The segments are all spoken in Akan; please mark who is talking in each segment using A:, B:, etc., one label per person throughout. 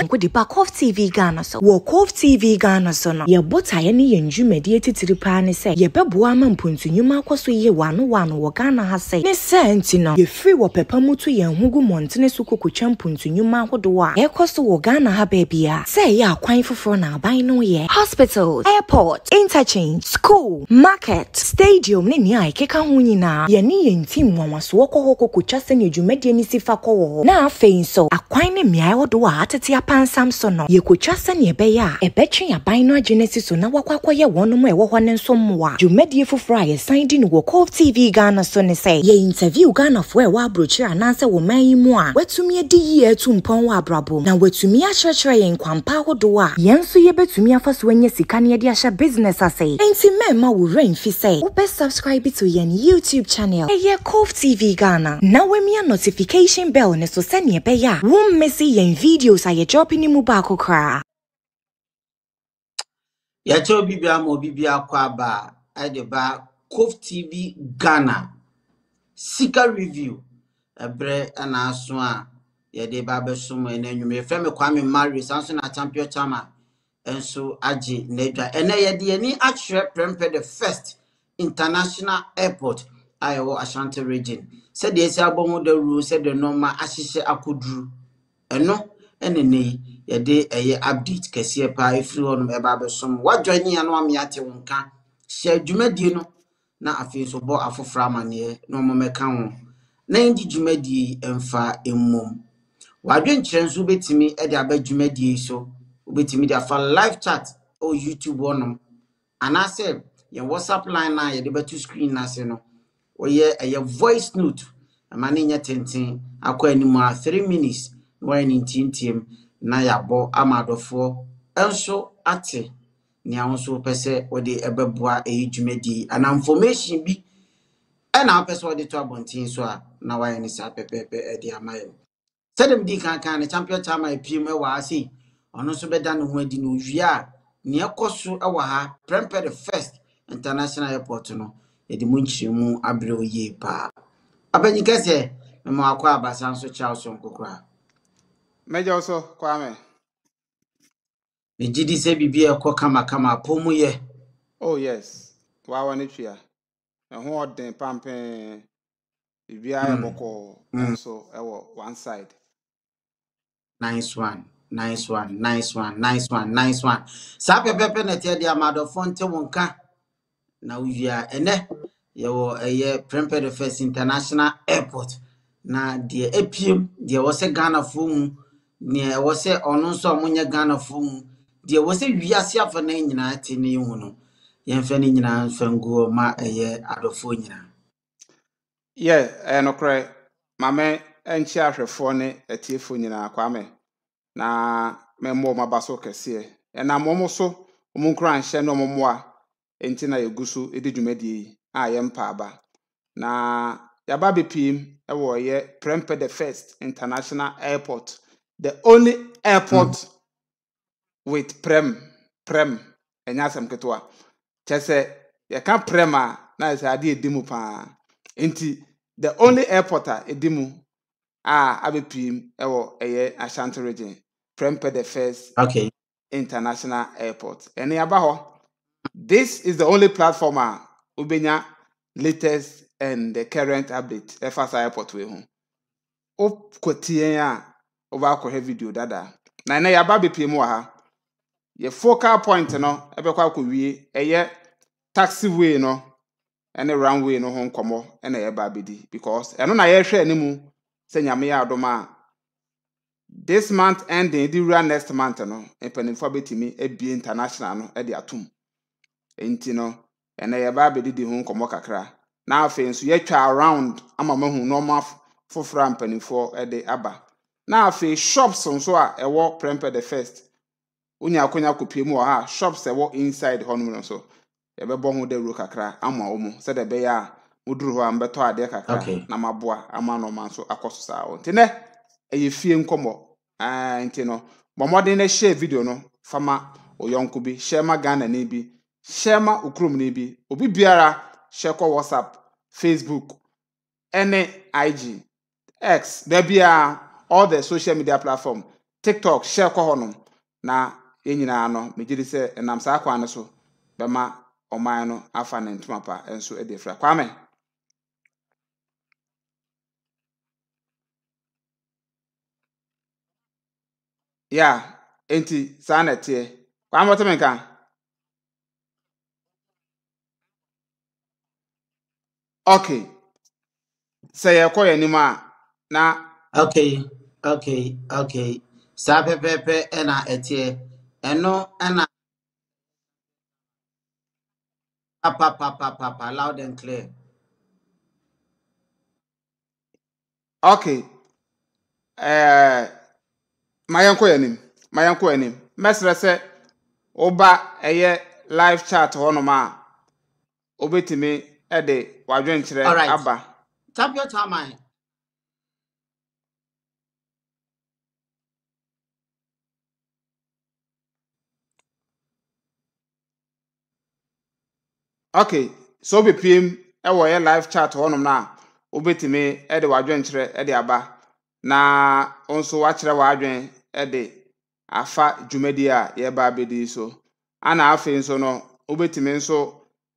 A: nsa nkɔ ba cove tv ghana so wɔ cove tv ghana so no yɛbɔ taeɛ ne yɛn dwumadie titiri paa ne sɛ yɛbɛboa ama mpontunyuma akɔ so yie wanoano wɔ ghana ha sɛ ne sɛ nti no yɛfiri wɔ pɛpa mu to yɛn ho gu mmɔntene so kɔkɔtwa mpontunyuma ahodoɔ a ɛkɔ so wɔ ghana ha baabia sɛ ɛyɛ akwan foforɔ na aban no yɛ hospitals airport interchange school market stadium ne nea ɛkeka ho nyinaa yɛne yɛn tim nwanwasoɔ kɔ hɔ kɔkɔtwa sɛnea dwumadie no si fa kɔ wɔ hɔ na afei nso akwan ne mmeaeɛ ahodoɔ a atete apa Pan so no yɛkotwa sɛnea ɛbɛyɛ a ɛbɛtwe aban no agye no so na wakɔ akɔyɛ wɔnom a ɛwɔ hɔ ne nso mmoa dwumadie foforɔ a yɛsan di no wɔ cove tv ghana so ne sɛ yɛ interview ghanafoɔ a ɛwɔ aburokyire anaasɛ wɔ man yi mu a watumi adi yie atu mpɔn wɔ abrabɔ na watumi akyerɛkyerɛ yɛn kwampa ahodoɔ a yɛn nso yɛbɛtumi afa so anya sika ne yɛde ahyɛ business asɛe enti mɛmma wo werɛ mfi sɛ wobɛ subscribe to yɛn youtube channel ɛyɛ cove tv ghana na woamia notification bell ne so sɛnea ɛbɛyɛ a wommɛsi yɛn videos a yɛdwɔ job ni mu baako koraa
B: yɛkyɛ obi bia ma obi bia kɔ aba a ɛde ba cof tv ghana sika review ɛberɛ ɛna aso a yɛde ba abɛsom ɛna anwuma yɛfrɛ me kwame mario saa na champion chama nso agye n'adwa ɛnɛ yɛde yɛni akyerɛ prɛmpɛ the first international airport a ɛwɔ ashanti region sɛdeɛ ɛsi abɔ ho dawuro sɛdeɛ nɔɔma ahyehyɛ akoduru ɛno ɛne ne yi yɛde ɛyɛ update kɛseɛ paa ɛfiri hɔ nom ɛba abɛsom woadwane a na wame ate wo nka hyɛ dwumadie no na afei nso bɔ afoforɔ amanneɛ na ɔmɔmɛka ho na yɛde dwumadie yi ɛmfa mmom wadwenkyerɛ nso wobɛtumi de aba dwumadie so wobɛtumi de afa live chat ɛwɔ youtube hɔ nom anaasɛ yɛn whatsapp line na a yɛde bɛto screen no ase no wɔyɛ ɛyɛ voice note ɛma ne nyɛ tenten akɔ anim a three minutes wɔayɛ ne m na yɛabɔ ama adɔfoɔ nso ate nea wo nso pɛ sɛ wɔde ɛbɛboa ɛyɛ dwumadie anaa information bi ɛna wopɛ sɛ to abɔnten so a na wayɛ ne saa pɛpɛɛpɛ ɛde ama yɛ sɛdeɛ medi kankan ne champion time a ɛpiem ɛwɔ ha sei ɔno nso bɛda ne ho adi na owie a nea ɛkɔ so ɛwɔ ha prɛmpɛ the first international airport no yɛde mu nkyerɛmu aberɛ o yie paa abɛnyi sɛ mema wakɔ abasa nso kyɛw so nkokora mɛgya wo so kwame megye di sɛ biribi ɛkɔ kamakama po mu yɛ
C: oh yes waawɔ ne twia ɛho ɔden pampen biribiaa yɛ mm. bɔkɔɔ nso mm. ɛwɔ one side
B: nice one nice one nice one nice one nice one saa pɛpɛpɛ na ɛteɛ deɛ amadɔfoɔ nte wo nka na wowie a ɛnɛ yɛwɔ ɛyɛ prempɛdefes international airport na deɛ apiem deɛ wɔ sɛ ghanafoɔ mu na ɛwɔ sɛ ɔno nso a monyɛ ghanafoɔ mu deɛ ɛwɔ sɛ wiase afa no nyinaa te ne hu no yɛmfa no nyinaa mfa ngu ma ɛyɛ adɔfoɔ nyinaa
C: yɛ ɛyɛ nokorɛ mame ɛnkyi ahwɛfoɔ ne atiefoɔ nyinaa kwame na mɛmmɔ ɔmo aba so kɛseɛ ɛnam so nkora nhyɛ ne nti na yɛgu so di dwumadie yi a yɛmpa aba na yɛaba bepiem the first international the only airport mm. with prem prem ɛnyɛ asɛm ketewa Chese ya yɛka prem a na sɛ ade edi mu the only airport a edi a abɛpiem ɛwɔ ɛyɛ ashanti region prem pɛ the first okay. international airport Eni abaho. this is the only platform a wobɛnya latest and the current update ɛfa saa airport wei ho wokɔtiɛn a wobɛ akɔhwɛ video dada na ɛnɛ yɛaba bebree mu wɔ ha yɛ focal point no ɛbɛkɔ akɔwie ɛyɛ taxi way no ɛne runway no ho nkɔmmɔ ɛna yɛba abɛdi because ɛno na yɛrehwɛ animu sɛ nyame yɛ adom a this month ending de wura next month no mpanimfoɔ abɛtumi abie international no ɛde atom nti no ɛnɛ yɛba abɛdidi ho nkɔmmɔ kakra na afei nso yɛatwa around ama mahu nneɛma foforɔ a mpanimfoɔ ɛde aba na afei shops nso a ɛwɔ prempɛ the first wonya akonya kɔpie mu wɔ ha shops ɛwɔ inside hɔ nom nso yɛbɛbɔ ho dɛ dawuro kakra ama wɔ mu sɛdeɛ ɛbɛyɛ a moduru hɔ a mbɛtɔ adeɛ kakra na maboa ama nɔma nso akɔ so saa wɔ nti nɛ ɛyɛ fie nkɔmmɔ nti no bɔ mmɔden na hyɛ video no fama ɔyɔnko bi hyɛ ma ghana ni bi hyɛ ma okurom ni bi obi biara hyɛ kɔ whatsapp facebook ɛne ig x daabia all the social media platform tiktok share kɔ hɔnom na yɛn nyinaa no megye sɛ ɛnam saa kwan no so bɛma ɔman no afa ne ntoma pa nso de afira kwame ya enti saa na ɛteɛ kwame wɔte me nka okay sɛ yɛkɔ yɛn anim a na okay ok ok Saa pɛpɛɛpɛ
B: ɛna ɛteɛ. Ɛno ɛna papapapapa loud and clear.
C: Okay. Eh, ma yɛnkɔ yɛn anim. Ma yɛnkɔ ɛyɛ live chat hɔnom a wobɛtumi ɛde w'adwenkyerɛ aba.
B: Tap your timeline.
C: ok okay sɛ m ɛwɔ yɛ live chat hɔnom no a wobɛtumi ɛde w'adwenkyerɛ ɛde aba na nso wakyerɛ w'adwen ɛde afa dwumadi a yɛba abɛdi so ana afei nso no obetumi nso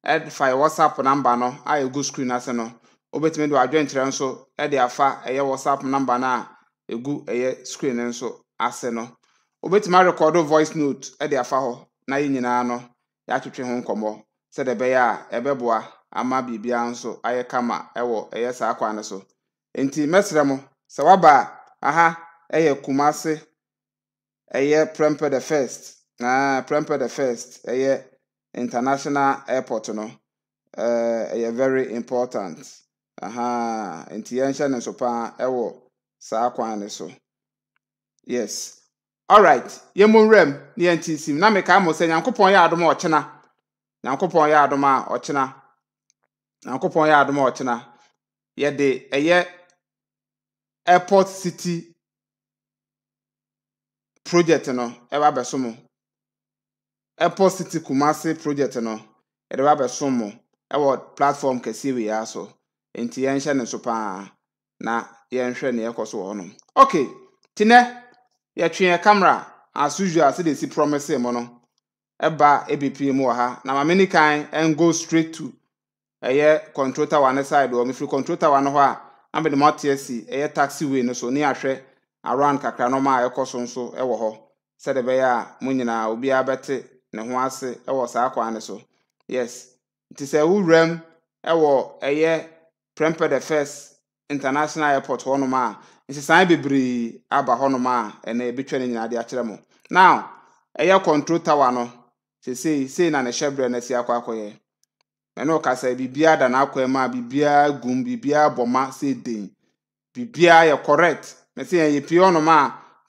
C: ɛfa yɛ whatsapp namba no a egu screen ase no wobɛtumi de w'adwenkyerɛ nso ɛde afa ɛyɛ whatsapp namba no a egu ɛyɛ screen nso ase no obetumi arekɔdo voice note ɛde afa hɔ na yɛ nyinaa no yɛatwetwe ho nkɔmmɔ sedebe ya a ɛbɛboa ama biribiara nso ayɛ kama ɛwɔ ɛyɛ saa kwan no so nti mɛsrɛ mo sɛ waba a aha ɛyɛ kumase ɛyɛ prempeh the first na prempeh the first ɛyɛ international airport no ɛyɛ very important aha nti yɛnhyɛ ne nso paa ɛwɔ saa kwan no so yes alright yɛmmɔ nwuram ne yɛnti nsim na mekaa mo sɛ nyankopɔn yɛ adom ɔkyena nyankopɔn yɛ adom a ɔkyena nyankopɔn yɛ adom a ɔkyena yɛde ɛyɛ airport city project no ɛba abɛso mo airport city kumase project no yɛde ba abɛso mo ɛwɔ platform kɛseɛ wei ara so nti yɛnhyɛ ne so paa na yɛnhwɛ ne yɛkɔ so wɔ hɔnom ok tinɛ yɛtwe yɛ camera as usual de si promise mu no. ba ebipii mu wɔ ha na maame ne kan ngo straight to ɛyɛ control tower ne side wɔ mefiri control tower no hɔ a ama de mɔte asi ɛyɛ taxi way no so ne ahwɛ around kakra nɔma a ɛkɔ so nso ɛwɔ hɔ sɛde bɛyɛ a mo nyinaa obiara bɛte ne ho ase ɛwɔ saa kwan ne so yes nti sɛ wowuram ɛwɔ ɛyɛ prempede first international airport hɔnom a nsesan bebree aba hɔnom a ɛnna ebi twɛ ne nyinaa de akyerɛ mo now ɛyɛ control tower no. seesei si na ne hyɛ berɛ no asi akɔ akɔyɛ ɛne ɔkasa biribiaa da n'akwan mu a biribiaa gum biribiaa bɔ si den biribiaa yɛ correct na sɛ yɛyɛ pii ɔnom a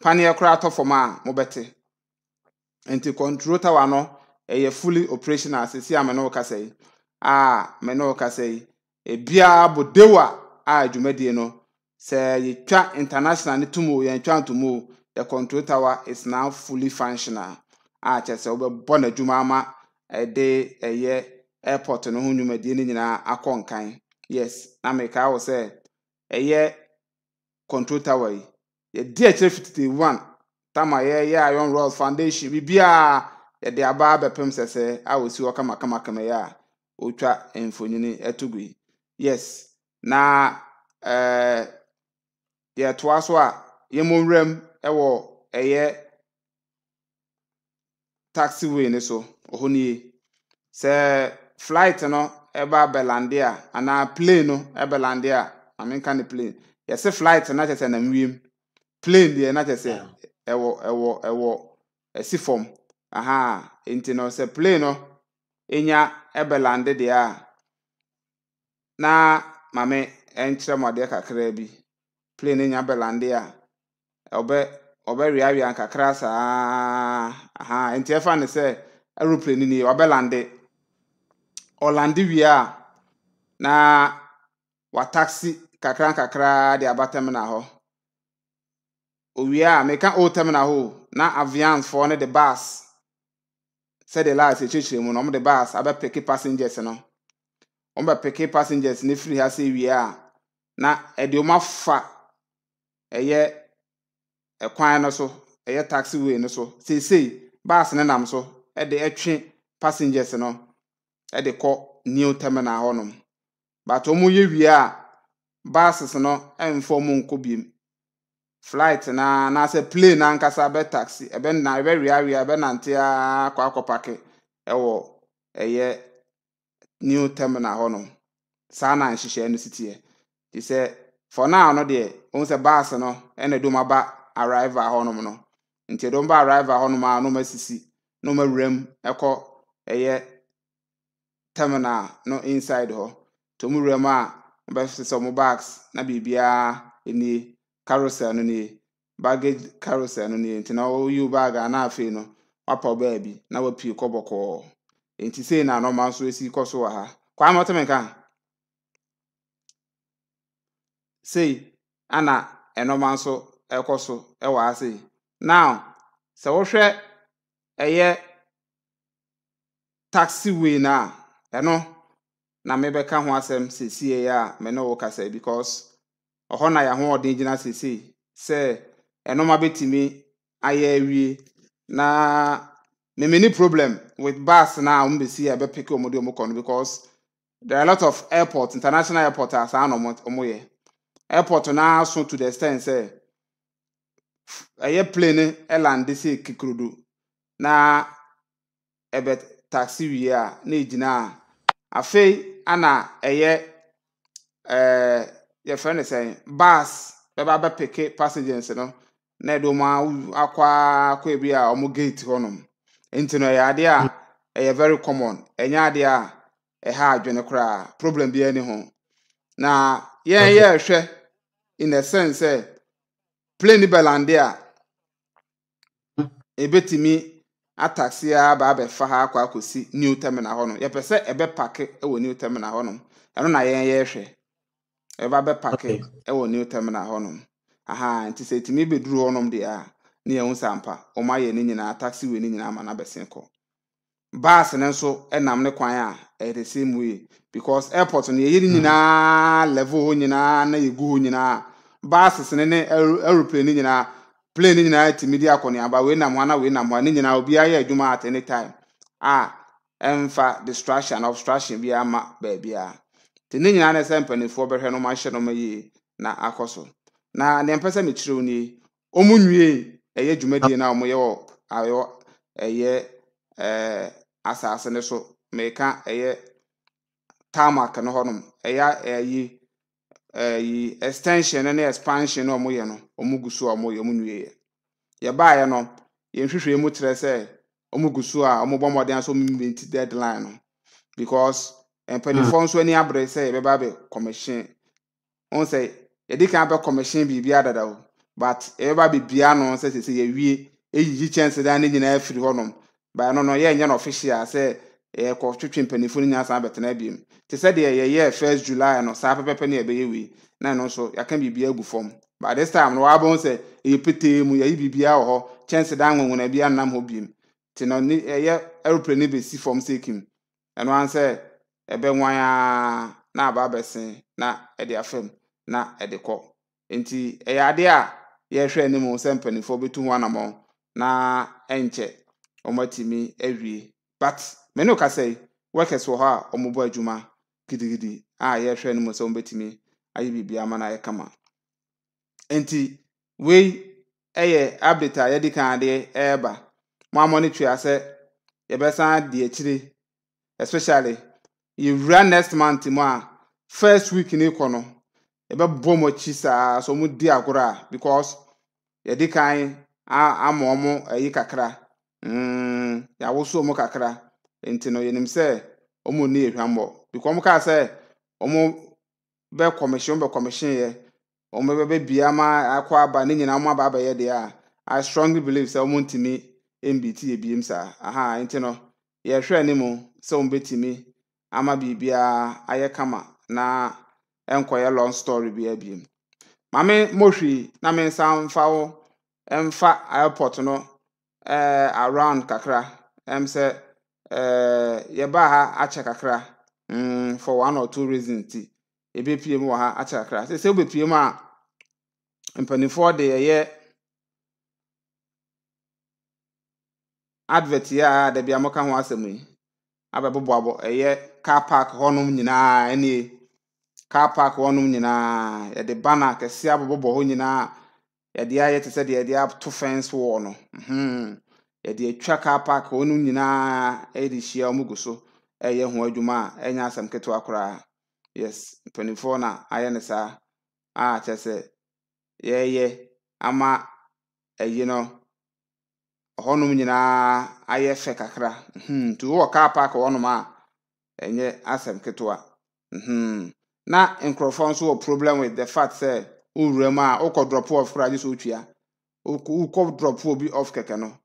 C: paneɛ koraa atɔ fam a mobɛte nti control tawa no ɛyɛ fully operational seesei a me ne ɔkasa yi a me ne ɔkasa yi ebiaa bɔ dewa a dwumadie no sɛ yɛtwa international ne tum o yɛntwa ntom o the control tower is now fully functional akyɛ sɛ wobɛbɔ n'adwuma ama ɛde ama airport no ho dwumadie no nkan yes na meka wɔ sɛ ɛyɛ control tower yi yɛdi akyerɛ fifty one tama iron rod foundation biribiaa yɛde aba abɛpem sese a wɔsi hɔ kamakama a ɔtwa mfonini ɛto yes na so a taxi taxiway ni so ɔhɔ ni yie sɛ flight no ɛba abɛlande a anaa plane no ɛbɛlande a amenka ne plane yɛsɛ flight no akyɛ sɛ nam wiem plane deɛ n'akyɛ sɛ ɛwɔ ɛwɔ ɛwɔ ɛsi fam aha nti no sɛ plane no enya ɛbɛlande deɛ a na maame ɛnkyerɛ mu adeɛ kakraa bi plane enya bɛlande a ɔbɛ. ɔbɛweawea nkakra saa aha nti ɛfa ne sɛ aeroplane ni ɔbɛlande ɔlande wie a na wataxi kakra nkakra de aba terminal hɔ owie a meka old terminal hɔ na avianfoɔ no de bus sɛde light ɛkyerɛkyerɛ mu na ɔmo de bus abɛpeke passengers no ɔmo bɛpeke passengers no firi ha sɛ wie a na ɛde ɔmo afa ɛyɛ kwan no so ɛyɛ taxi way no so seesei bus ne nam so de twe passengers no de kɔ new terminal hɔnom but wɔn yɛ wie a buses no mfa mu nkɔ biem flight na anaasɛ plane nankasa bɛ taxi ɛbɛ na ɛbɛ wiawia ɛbɛ nante akɔ akɔ paki ɛwɔ ɛyɛ new terminal hɔnom saa na nhyehyɛ no si teɛ te sɛ for now no deɛ wɔn sɛ bus no ɛna dum aba. arrival hɔnom nọ nti ɛdɔm ba arrival hɔnom a na ɔmo asisi na ɔmo awuram ɛkɔ ɛyɛ terminal no inside hɔ nti ɔmo a a ɔbɛsesa ɔmo bags na biribiara nie carousel no nie baggage carousel no nie nti na ɔyiw bag a na afei no wapa ɔbaa bi na wapie kɔ bɔkɔɔ nti sei na anɔma nso esi kɔ so wɔ ha kwa ama ɔtɛmɛ kan sei ana ɛnɔma nso. ɛkɔ so ɛwɔ ase now sɛ wohwɛ ɛyɛ taxi way no ɛno na mebɛka ho asɛm seesie yi a me ne wo kasa because ɔhɔ na yɛahoɔden gyina seesei sɛ ɛnoma bɛtumi ayɛ awie na memeni problem with bus na a wɔmbɛsi a ɛbɛpeke ɔmo de ɔmo kɔ no because there are a lot of airport international airport a saa na ɔmo yɛ airport na aso to the extent sɛ ɛyɛ plane ɛlande sɛ kekrodo na ɛbɛ taxi wie a na egyina a afei ana ɛyɛ ɛɛ yɛfrɛ no sɛn bus bɛba bɛpeke passengers no na ɛde wɔn akɔ akɔ ebi a wɔn gate hɔnom nti no ɛyɛ adeɛ a ɛyɛ very common ɛnyɛ adeɛ a ɛha adwene koraa problem bi ani ho na yɛn yɛ ɛhwɛ in the sense sɛ. Eh, plane bɛlande a ebetumi ataxi a aba abɛfa ha akɔ akɔsi new terminal hɔ hɔnom yɛpɛ sɛ ɛbɛ pake ɛwɔ new terminal hɔ hɔnom ɛno na yɛn yɛrehwɛ ɛba bɛ pake ɛwɔ new terminal hɔ hɔnom aha nti sɛ etumi bɛduru hɔnom deɛ a ne yɛn ho sampa wɔn ayɛ ne nyinaa taxi wei ne nyinaa ama n'abɛsen kɔ bus ne nso ɛnam ne kwan a ɛyɛ the same way because airport no yɛyɛ ne nyinaa level hɔ nyinaa na yɛgu hɔ nyinaa. basis ne ne aeroplane ne nyinaa plane ne nyinaa tumi di akɔneaba wei nam hɔ na wei nam hɔ ne nyinaa obiara yɛ adwuma at any time a ɛmfa distraction obstruction bi ama baabiara te ne nyinaa na ɛsɛ mpanimfoɔ bɛhwɛ no mahyɛ no ma na akɔ so na deɛ mpɛ sɛ mekyerɛw nie ɔmo nwie ɛyɛ dwumadie no a ɔmo yɛ wɔ ayɔ ɛyɛ ɛɛ asase ne so mɛka ɛyɛ tamak no hɔnom ɛyɛ ɛyi. Eh, extension ne expansion na wɔyɛ no gu so a wɔyɛ wɔn nwie yɛ yɛbaeɛ no yɛn hwehwɛ mu kyerɛ sɛ wɔn gu so a wɔn bɔ mmɔden so wɔn mi ti deadline no because mpanyinfoɔ hmm. nso ani abere sɛ yɛbɛba abɛ commission wɔn sɛ yɛde kan abɛ commission biribi adada o but yɛbɛba abɛbia ya sɛ sɛ yɛwie eyiyi kyɛnse dan ne nyinaa firi hɔnom baano no no official sɛ yɛkɔ twitwi mpanyinfoɔ no nyinaa san abɛtena te sɛ deɛ yɛyɛ first july no saa pɛpɛpɛ ne yɛbɛyɛ wei na ɛno nso yɛaka biribi agu fam but this time no wabɛn sɛ ɛyɛ petee mu yɛyi biribi wɔ hɔ kyɛnse dan nwonwona bi anam hɔ biem te no ne ɛyɛ aeroplane ne bɛsi fam sɛ kim ɛno an sɛ ɛbɛnwan aa na aba abɛsen na ɛde afam na ɛde kɔ nti ɛyɛ adeɛ a yɛhwɛ anim sɛ mpanimfoɔ bɛtu ho anammɔn na ɛnkyɛ wɔmatumi awie but me ne wo kasa yi workers wɔ hɔ a wɔbɔ adwuma gidigidi a yɛhwɛ no mu sɛ wɔbɛtumi ayɛ biribi ama no ayɛ kama nti wei yɛ update a yɛde kan adeɛ ɛreba mo amɔ no tua sɛ yɛbɛsan de akyire especially yɛwura next month mu a first week ne kɔ no yɛbɛbɔ mo akyi saa so mo di agorɔ a because yɛde kan ama wɔn ayi kakra mm yɛawosoɔ mo kakra nti no yɛnim sɛ wɔn ni ehwammɔ. because ọmụka kaa sɛ ɔmo bɛ commission bɛ commission yɛ ɔmo bɛ bɛ bia ama akɔ aba ne nyinaa ɔmo aba abɛyɛ deɛ a i strongly believe sɛ ɔmo ntumi mbiti ebiem saa aha nti no yɛhwɛ anim sɛ ɔmo bɛtumi ama biribiara ayɛ kama na nkɔyɛ long story bi abiem maame mohwi na me nsa mfa wo mfa airport no ɛɛ eh, around kakra ɛm sɛ ɛɛ eh, yɛbaa ha akyɛ kakra. mm, for one or two reasons nti ebepie mu wɔ ha akyɛ ase sɛ sɛ wobɛpie mu a mpanimfoɔ de ɛyɛ advert yi a dabi a moka ho asɛm yi abɛboboabɔ ɛyɛ car park hɔnom nyinaa ɛnie car park hɔnom nyinaa yɛde banner kɛseɛ abobɔbɔ hɔ nyinaa yɛde ayɛ te sɛ deɛ yɛde ato fence wall no mhm. yɛde atwa car park hɔnom nyinaa ɛde hyia wɔn gu so. ɛyɛ ho adwuma a ɛnyɛ asɛm ketewa koraa yes mpanimfoɔ na ayɛ ne saa a kyerɛ sɛ yɛyɛ ama ɛyi no hɔnom nyinaa ayɛ fɛ kakra nti wowɔ car park hɔnom a ɛnyɛ asɛm ketewa na nkurɔfoɔ nso wɔ problem with the fact sɛ wowura mu a wokɔ drop off koraa gye sɛ wotua wokɔ drop off bi off kɛkɛ no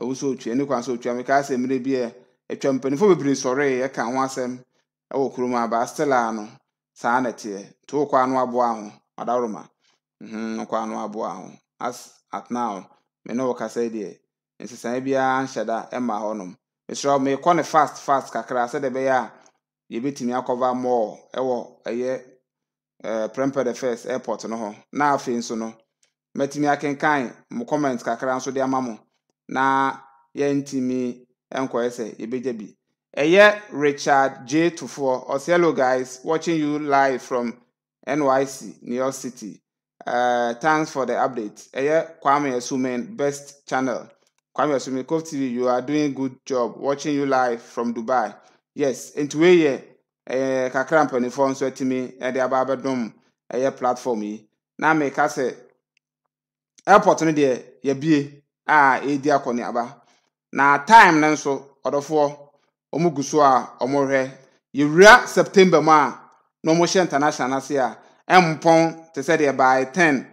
C: ɛwo sɛ otua ne kwan sɛ otua mekaa sɛ mmerɛ bi atwa mpanimfoɔ bebree sɔree ka ho asɛm ɛwɔ kurom aba still a no saa na teɛ nti wokɔ ano aboa ho ɔdaworoma mhm, wokɔ ano aboa ho as at now me ne wɔkasa deɛ nsesae biara nhyɛ da ɛma hɔnom mesrɛ mekɔ ne fast fast kakra sɛdeɛ ɛbɛyɛ a yɛbɛtumi akɔva mall ɛwɔ ɛyɛ eh, prempɛ the first airport no hɔ na afei nso no mɛtumi akenkan mo comment kakra nso de ama mo na yɛntumi nkɔyɛ sɛ yɛbɛgya bi ɛyɛ richard j tufoɔ ɔsɛ hello guys watching you live from nyc new york city uh, thanks for the update ɛyɛ kwame asumen best channel kwame asumen cove tv you are doing good job watching you live from dubai yes nti wei yɛ ɛɛ kakra mpanimfoɔ nso atumi ɛde aba abɛdom ɛyɛ platform yi na mɛka sɛ airport no deɛ yɛbie a ɛredi akɔneaba na time no nso ɔdɔfoɔ ɔmo gu so a ɔmo hwɛ yɛwura september mu a na ɔmo hyɛ international ase a mpọn te sị deɛ by ten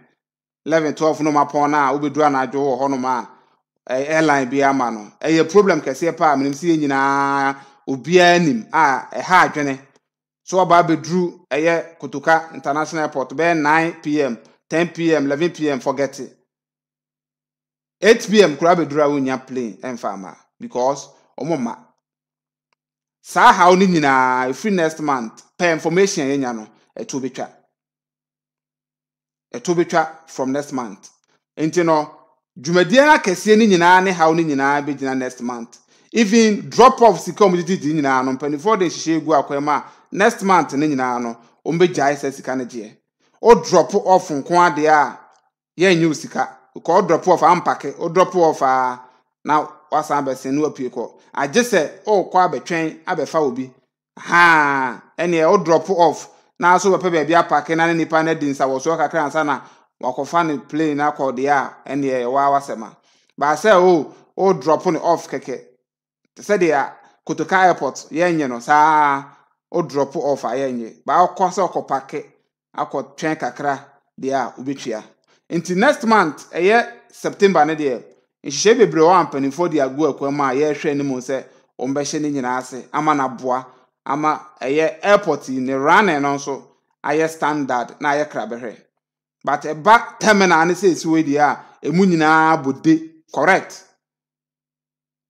C: eleven twelve no ma pɔn na a wobɛduru anadwo wɔ hɔnom a airline bi ama no ɛyɛ problem kɛseɛ paa mmiri sɛ yɛ nyinaa obiara nim a ɛha adwene so ɔba abɛduru ɛyɛ kotoka international airport bɛyɛ nine pm ten pm eleven pm forget it. 8pm koraa bɛduru a wonya plane ɛmfa ama because ɔmo ma saa haw no nyinaa efiri next month pɛ information a yɛnya no ɛto betwa ɛto betwa from next month nti no dwumadie akɛseɛ no nyinaa ne haw no nyinaa bɛgyina next month even drop off sika ɔmo titiri nyinaa no mpanimfoɔ de nhyehyɛ egu akɔɛ mu a next month ne nyinaa no ɔmo bɛgyae sɛ sika no gyeɛ o drop off nko adeɛ a yɛn nyɛ o kɔ ɔdrɔpo ɔfa ampake ɔdrɔpo ɔfa na wasan abɛsɛn ne wapue kɔ agye sɛ ɔɔkɔ abɛtwɛn abɛfa obi haa ɛnea ɔdrɔpo ɔf n'aso bɛpɛ baabi apake na ne nipa na di nsa wɔ so kakra nsa na wakɔfa ne plane akɔ deɛ a ɛnea ɛwɔ awasɛm a baasa o ɔdrɔpo ne ɔf kɛkɛ sɛdeɛ kotoka airport yɛnyɛ no saa ɔdrɔpo ɔf a yɛnyɛ baa ɔkɔ sɛ ɔkɔ pake akɔ twɛn kakra deɛ a obɛtua. nti next month ɛyɛ september ne deɛ nhyehyɛ bebree wɔ a mpanimfoɔ de agu akwa mu a yɛrehwɛ anim sɛ wɔn bɛhyɛ ne nyinaa ase ama n'aboa ama ɛyɛ airport yi ne running no nso ayɛ standard na ayɛ krabɛhwɛ but ɛba terminal ne sɛ esi wɔ deɛ a emu nyinaa bɔ de correct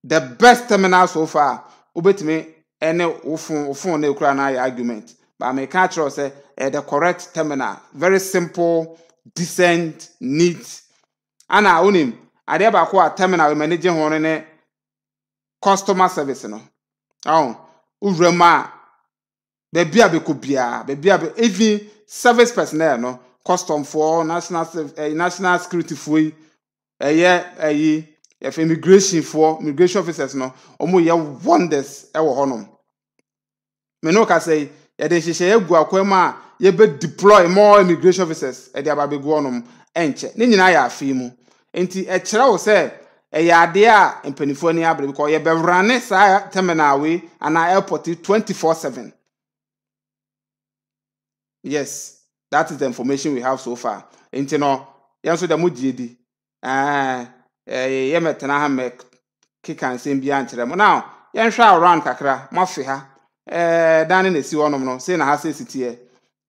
C: the best terminal so far wobɛtumi ɛne wo phone wo ne kura na ayɛ argument but mɛka akyerɛw sɛ ɛyɛ the correct terminal very simple. decent neat ana wonim adeɛ baako a terminal mani gye ho ne customer service no ɔn wowura mu a baabi a bɛkɔ biara baabi a bɛ even service personnel no custom foɔ national ɛɛ eh, national security foɔ yi ɛyɛ ɛyi yɛfɛ immigration foɔ immigration officers no wɔn yɛ wonders ɛwɔ hɔnom mɛ n'o kasa yi yɛde nhyehyɛ yɛ gu akɔɛ mu a. yɛbɛ deploy more immigration officers ɛde aba abɛgu hɔnom ɛnkyɛ ne nyinaa yɛ afei mu nti ɛkyerɛ wo sɛ ɛyɛ adeɛ a mpanimfoɔ ani abere bikɔ yɛbɛwrane saa terminal wei anaa airport twenty four seven yes that is the information we have so far nti no yɛn nso dɛm gye di ɛɛ yɛmɛtena ha mɛ keka nsɛm bi ankyerɛ mu now yɛnhwɛ around kakra mo afe ha ɛɛ dan ne na esi hɔnom no sei na ha sei si teɛ.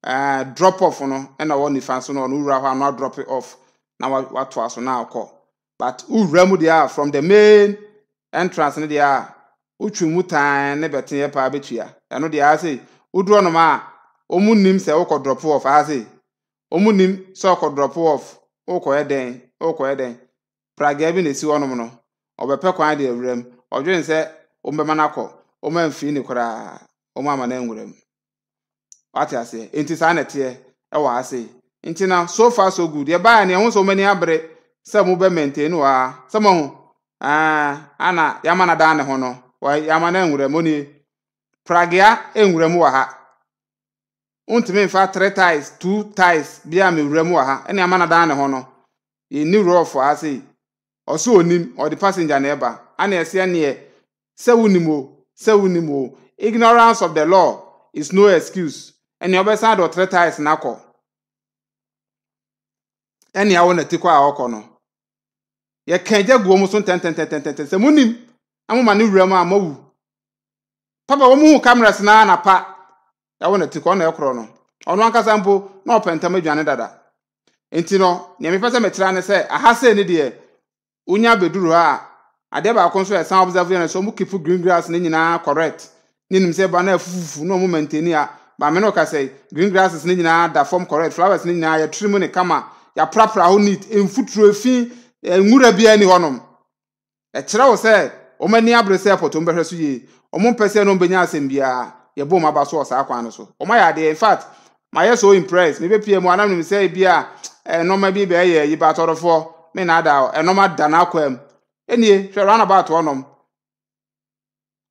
C: Eh, drop off no na ɔwɔ nifa so na ɔno wura hɔ ano drop off na watoa aso na akɔ but wura mu deɛ a from the main entrance no deɛ a wotwi mu tan ne bɛteɛ paa bɛtua ɛno deɛ a sɛ wodoɔ nom a ɔmu nim sɛ wokɔ drop off a sɛ ɔmu nim sɛ ɔkɔ drop off wokɔyɛ dɛn wokɔyɛ dɛn pragea bi na esi hɔnom no ɔbɛpɛ kwan de awura mu ɔdwene sɛ ɔmbɛma no akɔ ɔma mfiri ne koraa ɔma ama na anwura mu wate ase nti saa na ɛteɛ ɛwɔ ase nti na so far so good yɛbaa ne ɛho so mani abere sɛ mo bɛ maintain wa sɛ mo ho ah, ana yɛama na daa ne ho no yɛama na nwura mu ni pragea nwura mu wɔ ha ntumi nfa three ties two ties bi a mewura mu wɔ ha ɛna yɛama na daa ne ho no yɛni rɔɔfo ase ɔso onim ɔde passenger na ɛba ana ɛsɛ neɛ sɛ wonim o sɛ wonim o ignorance of the law is no excuse. ɛnea ɔbɛsan de ɔtere tiles n'akɔ ɛnea wɔ n'ati kɔ a ɔkɔ no yɛka gya guo so ntɛntɛntɛntɛntɛn sɛ munim amoma ne wura mu a mawu papa wɔn mu hu cameras naa napa kɔ ɔna ɛkorɔ no ɔno ankasa mpo na ɔpɛ ntam aduane dada nti no nea mepɛ sɛ ne sɛ aha sɛ ne deɛ wonya ha a adeɛ baako nso ɛsan observe maame no ɔka sɛ green grasses ne nyinaa da fam correct flowers ne nyinaa yɛtiri mu ne kama yɛaprapra ho neat mfuturo fi eh, nwura biara ni hɔnom ɛkyerɛ wo sɛ wɔn ani abere sɛ ɛpɔtɔ mu bɛhwɛ so yie wɔn mpɛ sɛ ɛnum bɛnya asɛm biara yɛbɔ wɔn aba so wɔ saa kwan no so wɔn ayɛ adeɛ in fact ma yɛ so impressed mebe pie mu anam nim sɛ ebi eh, a ɛnɔɔma bi bɛyɛ yi ba atɔrɔfoɔ me na ada ɛnɔɔma da eh, n'akɔɛ mu enie hwɛ round about hɔnom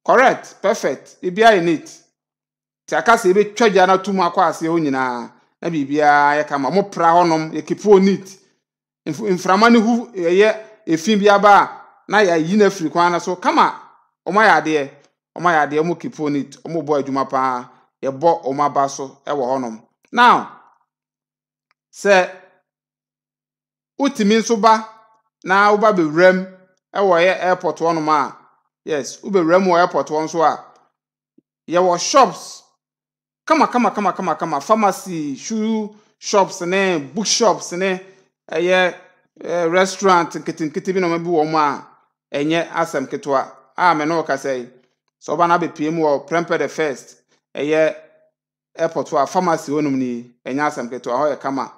C: correct perfect ebi ayɛ neat nti aka sɛ yɛbɛtwa gya no ato mu akɔ aseɛ hɔ nyinaa na biribiaa yɛka ma mopra hɔnom yɛkepo neat mframa no hu ɛyɛ efi bi aba a na yɛayi no afiri kwan no so kama ɔmo ayɛ adeɛ ɔmo ayɛ adeɛ ɔmo kepo neat ɔmo bɔ adwuma paa yɛbɔ ɔmo aba so ɛwɔ hɔnom now sɛ wotumi nso ba na woba bewura mu ɛwɔ yɛ airport hɔnom a yes wobɛwura mu wɔ airport hɔ nso a yɛwɔ shops kama kama kama kama kama pharmacy shoe shops ne book shops ne ɛyɛ ɛɛ eh, restaurant nketenkete bi na ɔmo bi wɔ mo a ɛnyɛ asɛm ketewa a mɛ no ɔkasa yi sɛ ɔba na abɛpie mu wɔ prempɛ the first ɛyɛ airport wa a pharmacy hɔ nom ni ɛnyɛ asɛm ketewa hɔ yɛ kama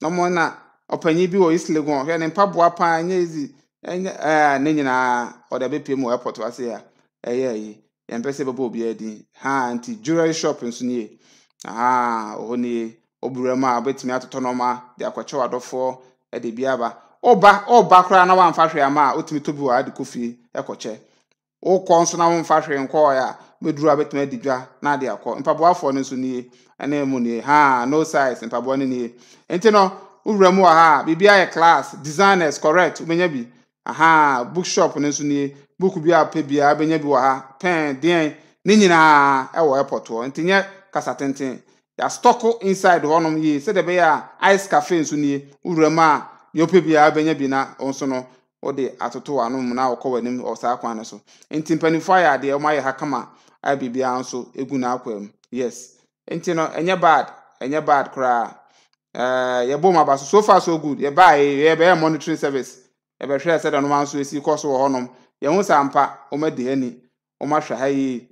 C: na ɔmo na ɔpanyin bi wɔ east legon hwɛ ne mpaboa paa ɛnyɛ easy ɛnyɛ ɛɛ eh, ne nyinaa ɔde abɛpie mu wɔ airport wa ase a ɛyɛ ɛyi yɛn pɛ sɛ ɛbɛbɔ obiara din haa nti jewelry shop nso nie. aa ɔhɔ nie ɔbura mu a ɔbɛtumi atotɔ nɔɔma de akɔkyɛw adɔfoɔ ɛde bi aba ɔba ɔba koraa na wamfa hwee ama a ɔtumi tobi wɔ ade kɔ fie ɛkɔkyɛ ɔkɔ nso na wɔmfa hwee nkɔɔɛ a mɛduru abetumi bɛtumi adi dwa na akọ akɔ mpaboafoɔ no nso nie ɛne mu nie haa no size mpaboa no nie nti no wowura mu wɔ ha a biribi ayɛ class designers correct wobɛnya bi aha bookshop no nso nie book bi a bi biara bɛnya bi wɔ ha pɛn ni ne nyinaa ɛwɔ airport hɔ nti nyɛ kasa tenten yɛastɔko inside hɔnom yie sɛdeɛ ɛbɛyɛ a ice cafe nso nie wowura mu a deɛ wopɛ biara bɛnya bi na nso no wode atoto w'anom na wɔkɔ w'anim wɔ saa kwan no so nti mpanimfoɔ ayɛ adeɛ wɔayɛ ha kama a biribiara nso egu n'akwam yes nti no ɛnyɛ bad ɛnyɛ bad koraa ɛɛ yɛbɔ mu aba so so far so good yɛbaa yɛ yɛbɛyɛ monitoring service yɛbɛhwɛ sɛdeɛ ɔnom nso esi kɔ so wɔ hɔnom yɛn ho saa mpa wɔn adi ani wɔn ahwɛ ha yie.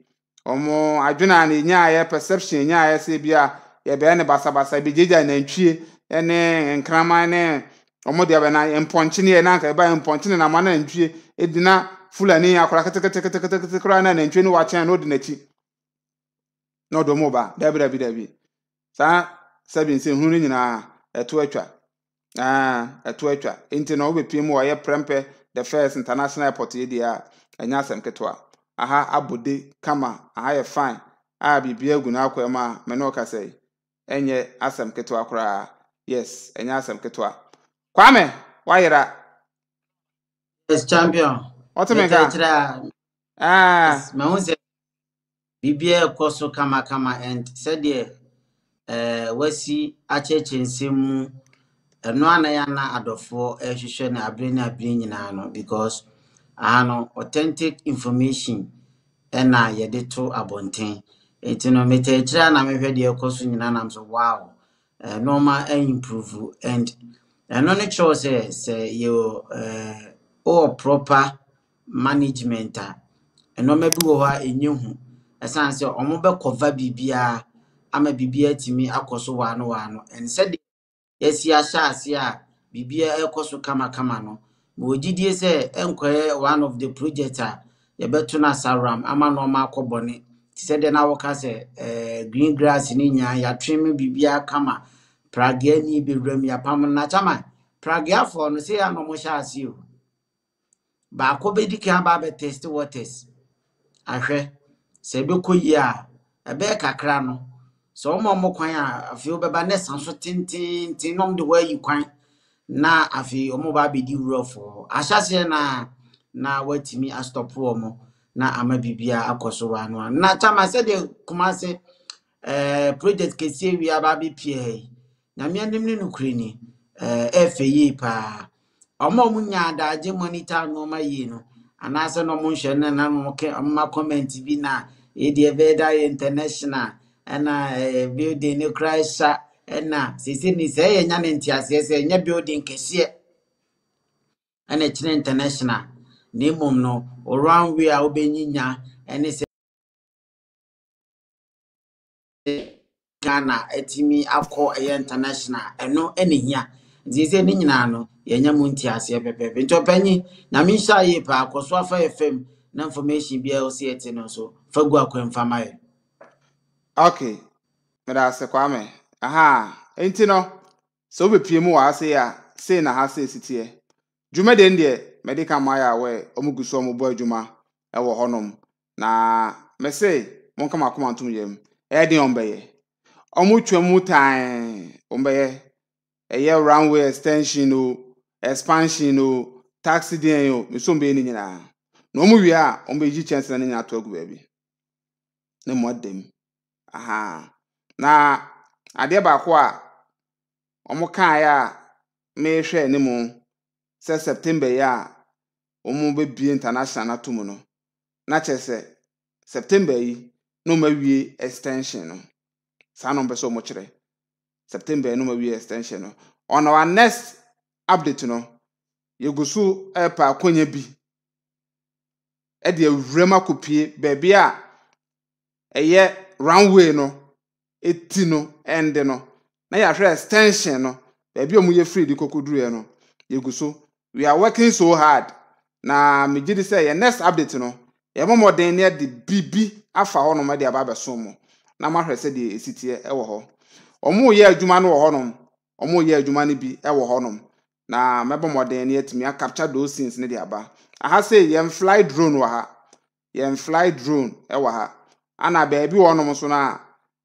C: ọmụ adwena a ne nya ayɛ perception nya ayɛ sɛ bi a yɛbɛyɛ ne basabasa bi gyegya nantwie ne nkraman ne wɔn deɛ bɛ na mpɔnkye ne yɛ nanka ɛbɛyɛ mpɔnkye ne nama nantwie edi fulani akora keteketekete koraa na nantwie no wakyɛn na odi n'akyi na ɔdɔm ɔba dabi dabi dabi saa sɛbi nse hunu ne nyinaa ɛto atwa aa ɛto atwa nti na ɔbɛpie mu wɔyɛ prɛmpɛ the first international airport yi deɛ a ɛnyɛ asɛm ketewa. aha abɔde kama aha yɛ fine a biribi agu n'akwa mu a mene ɔkasa yi ɛnyɛ asɛm ketewa koraa yes enye asɛm ketewa kwame wayera yes champion ɔtumi ka
B: ah mahu sɛ biribiaa ɛkɔ so kamakama and sɛdeɛ ɛɛ eh, wasi akyerɛkyerɛ nsɛm mu ɛno anayɛ ana adɔfoɔ ɛrehwehwɛ na abiri na abiri nyinaa no because ano authentic information ɛna yɛde to abɔnten nti no metaakyire a na mehwɛ deɛ ɛkɔ so nyinaa nam so wow eh, nneɛma improve and ɛno ne kyerɛw sɛ sɛ yɛwɔ eh, ɔwɔ proper management a nneɛma bi wɔ hɔ a ɛnyɛ hu ɛsiane sɛ ɔmo bɛkɔva biribiara ama biribiara atumi akɔ so waano waano ɛnsɛ de ahyɛ ase a biribiara ɛkɔ so kamakama no ma ogyidie sɛ ɛnkɔyɛ one of the project a yɛbɛto no asaram ama na ɔma akɔ bɔne nti sɛ deɛ no wɔka sɛ green grass no yɛatwe me kama pragea ni bɛwura yɛapam no nakyama prageafoɔ no sɛ yɛ anɔ mohyɛ ase o baako bɛdi kan ba waters ahwɛ sɛ ɛbɛkɔ a ɛbɛyɛ kakra no sɛ kwan a afei wobɛba ne sa so tententen na afei ɔmoba abɛdi wurɔfoɔ ahyɛseɛ na na watumi astɔpo wɔ na ama biribia akɔ so wɔ ano a na kyama sɛdeɛ kumase ɛɛ eh, project kɛseɛ wie aba abɛpie ha yi nyame anim ne nokorɛ ni eh, ɛɛ ɛfɛ yie paa ɔmo a ɔmo nya adagye monitor nneɛma yie no anaasɛ na ɔmo nhwɛ no na ɔmo kɛ ɔmo ma comment bi na yɛdeɛ bɛyɛ da yɛ international ɛna ɛɛ eh, building ne koraa hyɛ ɛna seesei ni sɛ yɛnya ne nteaseɛ sɛ ɛnyɛ building kɛseɛ ɛna kyerɛ international na mmom no runway a wobɛnyinya ɛne sɛ ghana atumi akɔ ɛyɛ international ɛno ɛna hia nti sɛ ne nyinaa no yɛnya mu nteaseɛ pɛpɛpɛ nti ɔpanyi nyame nhyɛ yie paa kɔ so afa yɛ fam na information biara wo sɛ yɛte no so Fagu fa gu akɔmfama yɛ okay
C: mede ase kwame aha enti no sɛ wobɛpie mu wɔ ase a sei na ha sei si teɛ dwuma deɛ deɛ mɛde ka ma yɛ a wɛ ɔmo gu so ɔmo bɔ adwuma ɛwɔ hɔnom na mɛse monka ma koma ntom yam ɛyɛ den ɔmbɛyɛ ɔmo twa mu tan ɔmbɛyɛ ɛyɛ runway extension o expansion o taxi den o nso ɔmbɛyɛ ne nyinaa na ɔmo wie a ɔmbɛyi kyɛnse na ne nyinaa to agu baabi ne mɔ aha na adeɛ baako a wɔn kaeɛ a mehwɛ anim sɛ september yi a wɔn bebie international ato mu no na kyerɛ sɛ september yi na wɔn awie extension no saa na wɔn pɛ wɔn kyerɛ september yi na wɔn awie extension no on our next update no yɛgu so ɛrepa akonnwa bi ɛde awuram akɔpie beebi a ɛyɛ runway no. eti no ɛnde no na yɛahwɛ extension no baabi a wɔyɛ firi de kɔkɔduruɛ no yɛgu so we are working so hard na megye di sɛ yɛn next update no yɛn mɔmɔden ne de biribi afa hɔnom de aba abɛso mu na mo ahwɛ sɛdeɛ esi teɛ ɛwɔ hɔ wɔn reyɛ adwuma no wɔ hɔnom wɔn reyɛ adwuma no bi ɛwɔ hɔnom na mɛbɔ mɔden ne atumi acapture those scenes ne de aba aha sɛ yɛn fly drone wɔ ha yɛn fly drone ɛwɔ ha ana baabi wɔ hɔnom nso no a.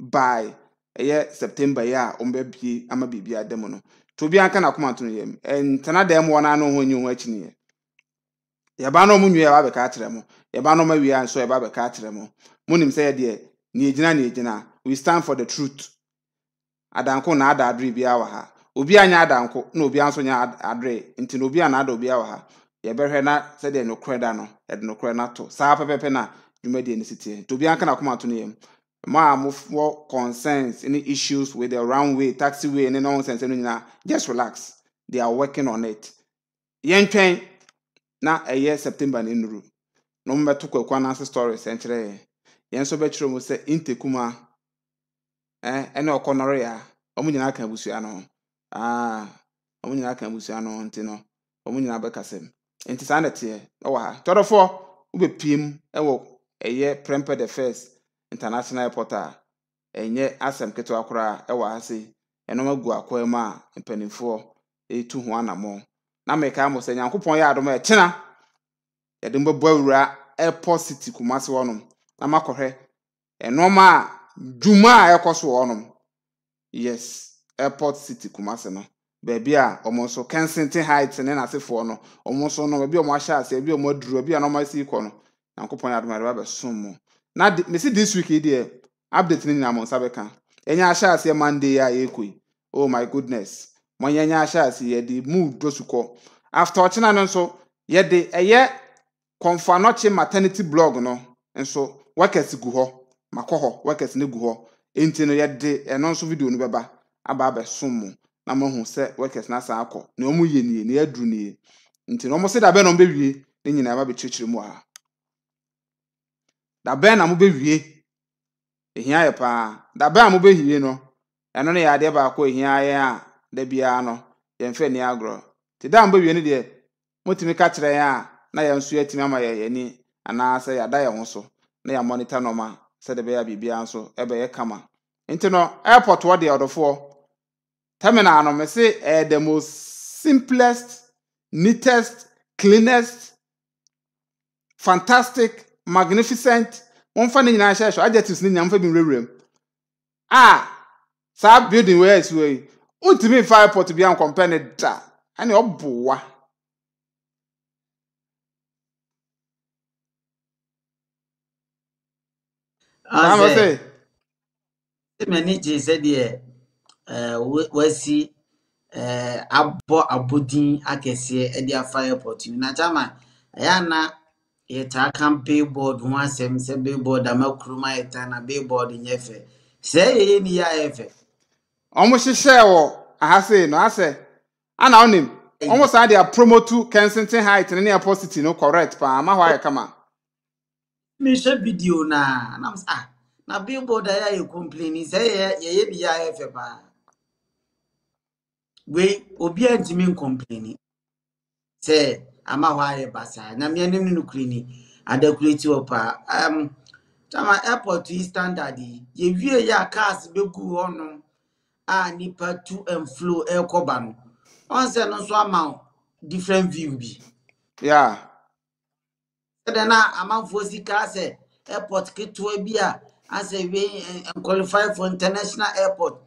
C: by ɛyɛ september yi a wɔn bɛbie ama biribi ada mu no tobi obi anka na akoma to no yam ntana dan mu wɔn ano ho nyi ho akyi ne yɛ yaba na wɔn nwi yaba abɛka akyerɛ mo yaba na wɔn awia nso yaba abɛka akyerɛ mo mo nim sɛ yɛ deɛ nea egyina nea egyina we stand for the truth adanko na ada adere bi wɔ ha obi anya adanko na obi nso nya adere nti na obi a na ada obi wɔ ha yɛbɛhwɛ na sɛdeɛ nokorɛ da no yɛde nokorɛ no ato saa pɛpɛpɛ na dwumadie no si tie nti obi na akoma to no yam. maamofoɔ concerns any issues with the runway taxiway any nonsense no nyinaa just relax they are working on it yɛn twɛn na ɛyɛ september ne nuru eh, na wɔn bɛto kwakwa n'ase stories ɛnkyerɛ yɛ yɛn nso bɛkyerɛ mo sɛ intekuma ɛɛ ɛna ɔkɔ nɔre ya wɔn nyinaa ka abusua no ho ah, aa wɔn nyinaa ka abusua no ho nti no wɔn nyinaa bɛkasa mu nti saa na teɛ ɛwɔ ha tɔdɔfoɔ wɔbɛpiem ɛwɔ ɛyɛ prempeh the first. international airport a ɛnyɛ asɛm ketewa koraa ɛwɔ ha ɛnom agu akwan mu a mpanimfoɔ etu ho anammɔ na mmeka mo sɛ nyankopɔn yɛ adom ɛkyena yɛde mbɛbɔ awura airport city kumase na makɔhwɛ ɛnɔma a dwuma a ɛkɔ so hɔnom yes airport a wɔn nso kensington heights ne n'asefoɔ no nso no a wɔn ahyɛ a wɔn aduru na mesi this week deɛ eh, update no nyina mo nsa bɛka ɛnyɛ ahyɛ aseɛ monday a yɛkɔi oh my goodness mɔnyɛ nyɛ ahyɛ aseɛ yɛde mu dɔ sukɔ after ɔkyena eh, no nso yɛde ɛyɛ kɔnfanɔkye maternity blog nọ nso workers gu hɔ makɔ họ workers no gu hɔ nti no yɛde ɛno nso vidio no bɛba aba abɛsom mu na moahu sɛ workers na asan akɔ na ɔmo yɛ nie na yɛaduru nie nti na ɔmo sɛ dabɛ na ɔmo bɛwie ne nyinaa ba bɛkyerɛkyerɛ mu aa ah. dabɛn na bewie ehia yɛ paa dabɛn a bewie no ɛno no yɛ adeɛ baako ehia yɛn a da biara no yɛmfa ani agorɔ te da a bewie no deɛ motumi ka kyerɛ yɛn a na yɛn nso atumi ama yɛn yɛn ani anaasɛ yɛada yɛn ho so na yɛn monitor nɔɔma sɛde bɛyɛ biribiara nso ɛbɛyɛ kama nti no airport wɔ deɛ ɔdɔfoɔ terminal no mɛ se ɛyɛ the most simplest neatest cleanest fantastic magnificent wɔmfa ne nyinaa hyɛhyɛ adjectives ne nyinaa mfa bi nwurawura mu a saa building wei asi wei wontumi mfa airport bi ankɔmpɛ ne da ɛne ɔboa asɛ m'ani
B: gye sɛdeɛ eh, wasi eh, abɔ abɔdin akɛseɛ de afa airport mu na kyama ɛyɛ ana yɛtaa aka billboard ho asɛm sɛ billboard ama kurom ayɛta na billboard nyɛ fɛ sɛ yɛyɛ
C: ni yɛ ayɛ fɛ ɔmo hyehyɛ wɔ aha sei no asɛ ana wonim ɔmo saa de apromotu kensington height ne airport city no correct paa ama hɔ ayɛ kama
B: mehwɛ video na nam ah na billboard ayɛ ayɛ complain sɛ yɛyɛ ni yɛ ayɛ fɛ paa wei obiara ntumi ncomplain sɛ ama hɔ ayɛ basaa nyame anim ne nokure ni adakure ti hɔ paa um, tama airport yi standard yi yɛwie yɛ a cars bɛgu hɔnom a nipa tu and flow ɛrekɔba no ɔnsɛ no nso ama different view bi yeah. sɛdɛ na amanfoɔ sika sɛ airport ketewa bi a asɛ wei eh, qualify for international airport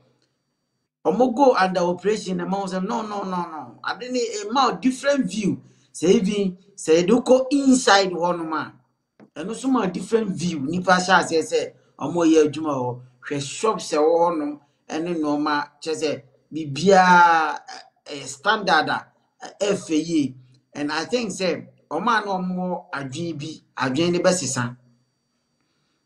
B: ɔmo go under operation na ma wo sɛ no no no no ade ne ɛma eh, different view sɛ evi sɛ yɛde kɔ inside hɔnom a ɛno so ma different view nipa hyɛ aseɛ sɛ ɔmo yɛ adwuma hɔ hwɛ shops sɛ ɛwɔ hɔnom ɛne nneɛma kyɛ sɛ biribiara ɛyɛ eh, eh, standard eh, a ɛfɛ yie and i think sɛ ɔmo a na ɔmo adwene bi adwene ne bɛsesa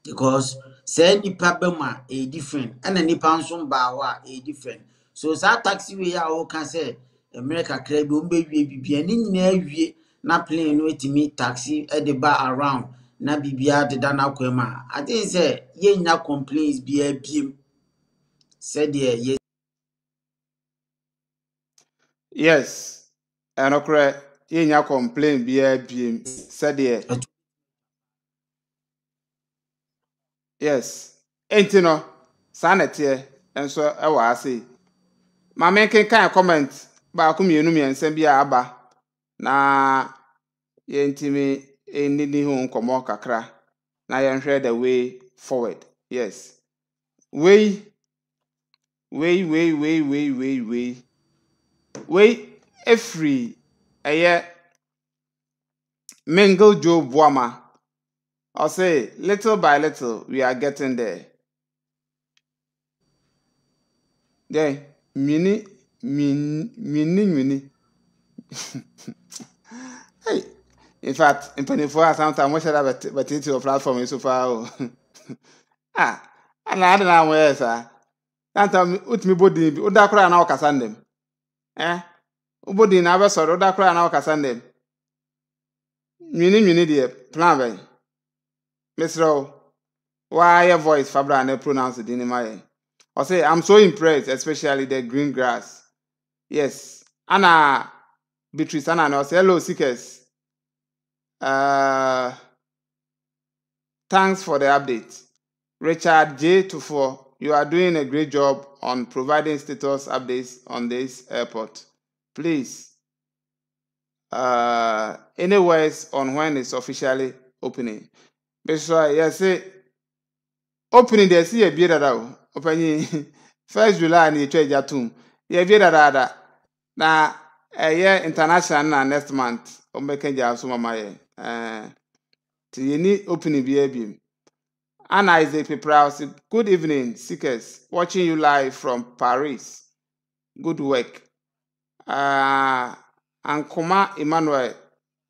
B: because sɛ nipa bɛm a ɛyɛ e different ɛna nipa nso baa hɔ e a ɛyɛ different so saa taxi way a ɔka sɛ mmerɛ kakra bi wɔn bɛwie bibia ne nyinaa awie na plane no atumi taxi de ba around na biribiara deda n'akwan mu a ade sɛ yɛnnya complaints biara biem
C: sɛdeɛ yɛ. yes ɛnokorɛ yɛnnya complain biara biem sɛdeɛ yes enti no saa na ɛteɛ nso ɛwɔ ase maame nkenkan comment. baako mmienu mmiɛnsa bi a aba na yɛntumi nnidi ho nkɔmmɔ kakra na yɛnhwɛ the way forward yes wei wei wei wei wei wei wei wei efiri ɛyɛ mingle joe buama ɔse little by little we are getting there. Then, mini nwini nwini hey in fact mpanimfoɔ a sometimes wɔhyɛ da bɛtete wɔ platform yi so paa o ah ana ade na ya saa sometimes wotumi bɔ din bi woda ya na ọ wɔkasa ndɛm eh wobɔ din na abɛsɔre woda ya na ọ wɔkasa ndɛm nwini nwini deɛ plan bɛn mesrɛ wo waayɛ voice fabra ne pronounce n'ime ma ọ sị i'm so impressed especially the green grass yes ana beatrice ana na hello seekers uh, thanks for the update richard j tufor you are doing a great job on providing status updates on this airport please uh, any words on when it's officially opening bẹsọ yẹsẹ opening deɛ ɛsi yɛ bie dada o oh. ɔpanyin first july ni etu ɛgya tum yɛ bie dadaada na ɛyɛ international na next month wɔn bɛka gya so mama yɛ ɛɛ te yɛ ni opening bi ebien ana isaac pepra ɔsi good evening seekers watching you live from paris good work uh, ankoma emmanuel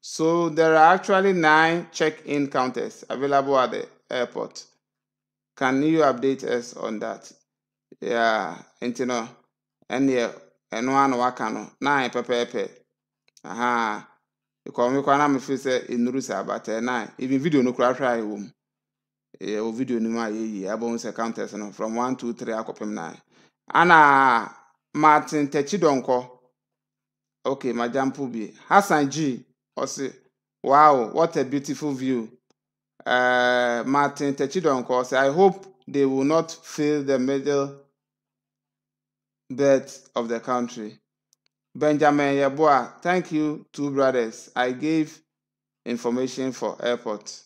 C: so there are actually nine check-in counters available at the airport can you update us on that yeah nti no ɛnneɛ. ɛno a waka no nine pɛpɛɛpɛ aha ɛkɔn mi kwan na mi fi sɛ enuru sɛ abata nine even video no kura hwɛ a ɛwɔ ɛyɛ wɔ video no mu a yɛyi abɔn sɛ counters no from one two three akɔpem nine ana martin tɛkyi dɔnkɔ okay majampo bi hasan g ɔsi wow what a beautiful view uh, martin tɛkyi dɔnkɔ ɔsi i hope they will not fail the middle. Death of the country. Benjamin Yeboah, thank you, two brothers. I gave information for airport.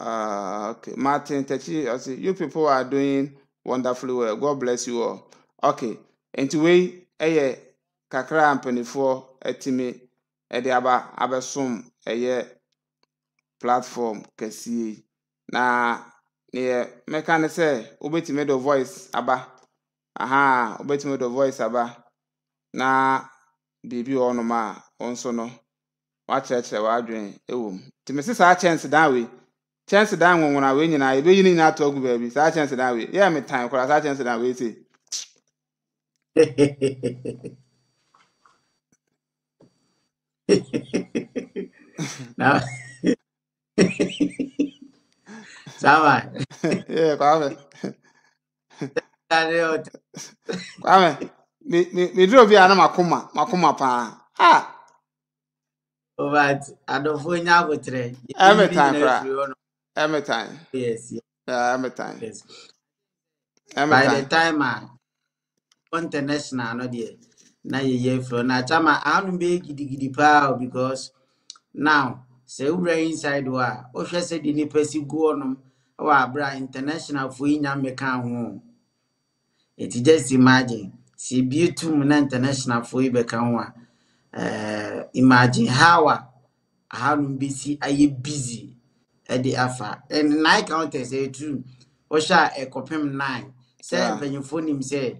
C: Uh, okay, Martin Techi, I see you people are doing wonderfully well. God bless you all. Okay, and today, eh, kakra mpanyinfoɔ ɛtumi ɛde aba abɛsom ɛyɛ platform kɛseɛ na neɛ mɛka ne sɛ wobɛtumi voice aba aha wobɛtumi dɔ voice aba na biribi wɔ nom a wo nso no wakyerɛkyerɛ w'adwene wɔ mu nti mese saa kyɛnse dan wei kyɛnse dan nwonwona wei nyinaa yɛbɛyi ne nyinaa to agu baabi saa kyɛnse dan wei yɛ metan koraa saa kyɛnse dan wei sei now Sabe? Kwame, meduro bi a na makoma makoma
B: paa ha but adọfo nye agotere every time kra every time yes yes yeah, every time yes every by the time a international no deɛ na yɛyɛ furo na chama anum bɛ gidigidi paa because now sɛ wura inside wa? a wohwɛ sɛ de nipa go guɔ nom wɔ international fo yi nya mmeka ho. It's just imagine. tum na international for you become Uh, imagine how a uh, ahanum bi si ayɛ busy ɛde afa ɛn nine counters ɛyɛ eh, true ɔhyɛ a ɛkɔpem eh, nine sɛ mpanyinfoɔ nim sɛ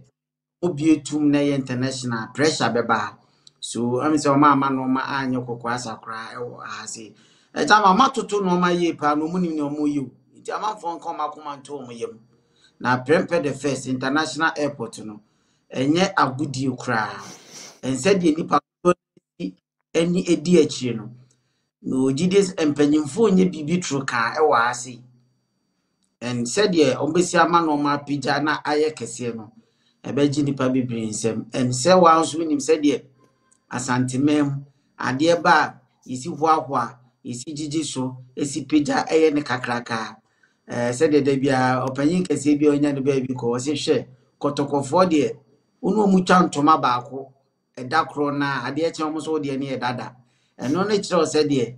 B: obie tum na yɛ international pressure bɛba so ɛmi sɛ ɔmo ama nneɛma anyɛ ah, kɔkɔɔ asakora ɛwɔ eh, ahase ɛkyɛ ama ɔmo na nneɛma yie paa na ɔmo nim na ɔmo yie o nti amanfoɔ nka ɔmo akoma nto ɔmo yam. na prempeh the first international airport no ɛnyɛ agodie koraa ɛnsɛdeɛ nipa ani edi akyire no na ogyide mpanyimfoɔ nyɛ biribi toro kaa ɛwɔ ase ɛn sɛdeɛ ɔmbɛsi ama na ɔmo apagya na ayɛ kɛseɛ no ɛbɛgye nipa bebree nsɛm ɛn sɛ wɔn nso nim sɛdeɛ asantemɛn mu adeɛ ba a yɛsi hoahoa yɛsi gyigye so esi pagya ɛyɛ ne kakraka. Eh, sɛdeɛ da biara ɔpanyin kɛseɛ bi a ɔnya no baabi kɔ ɔsi hwɛ kɔtɔkɔfoɔ deɛ twa ntoma baako ɛda na adeɛ kyɛn wɔn nso deɛ no yɛ dada ɛno kyerɛ ɛɛ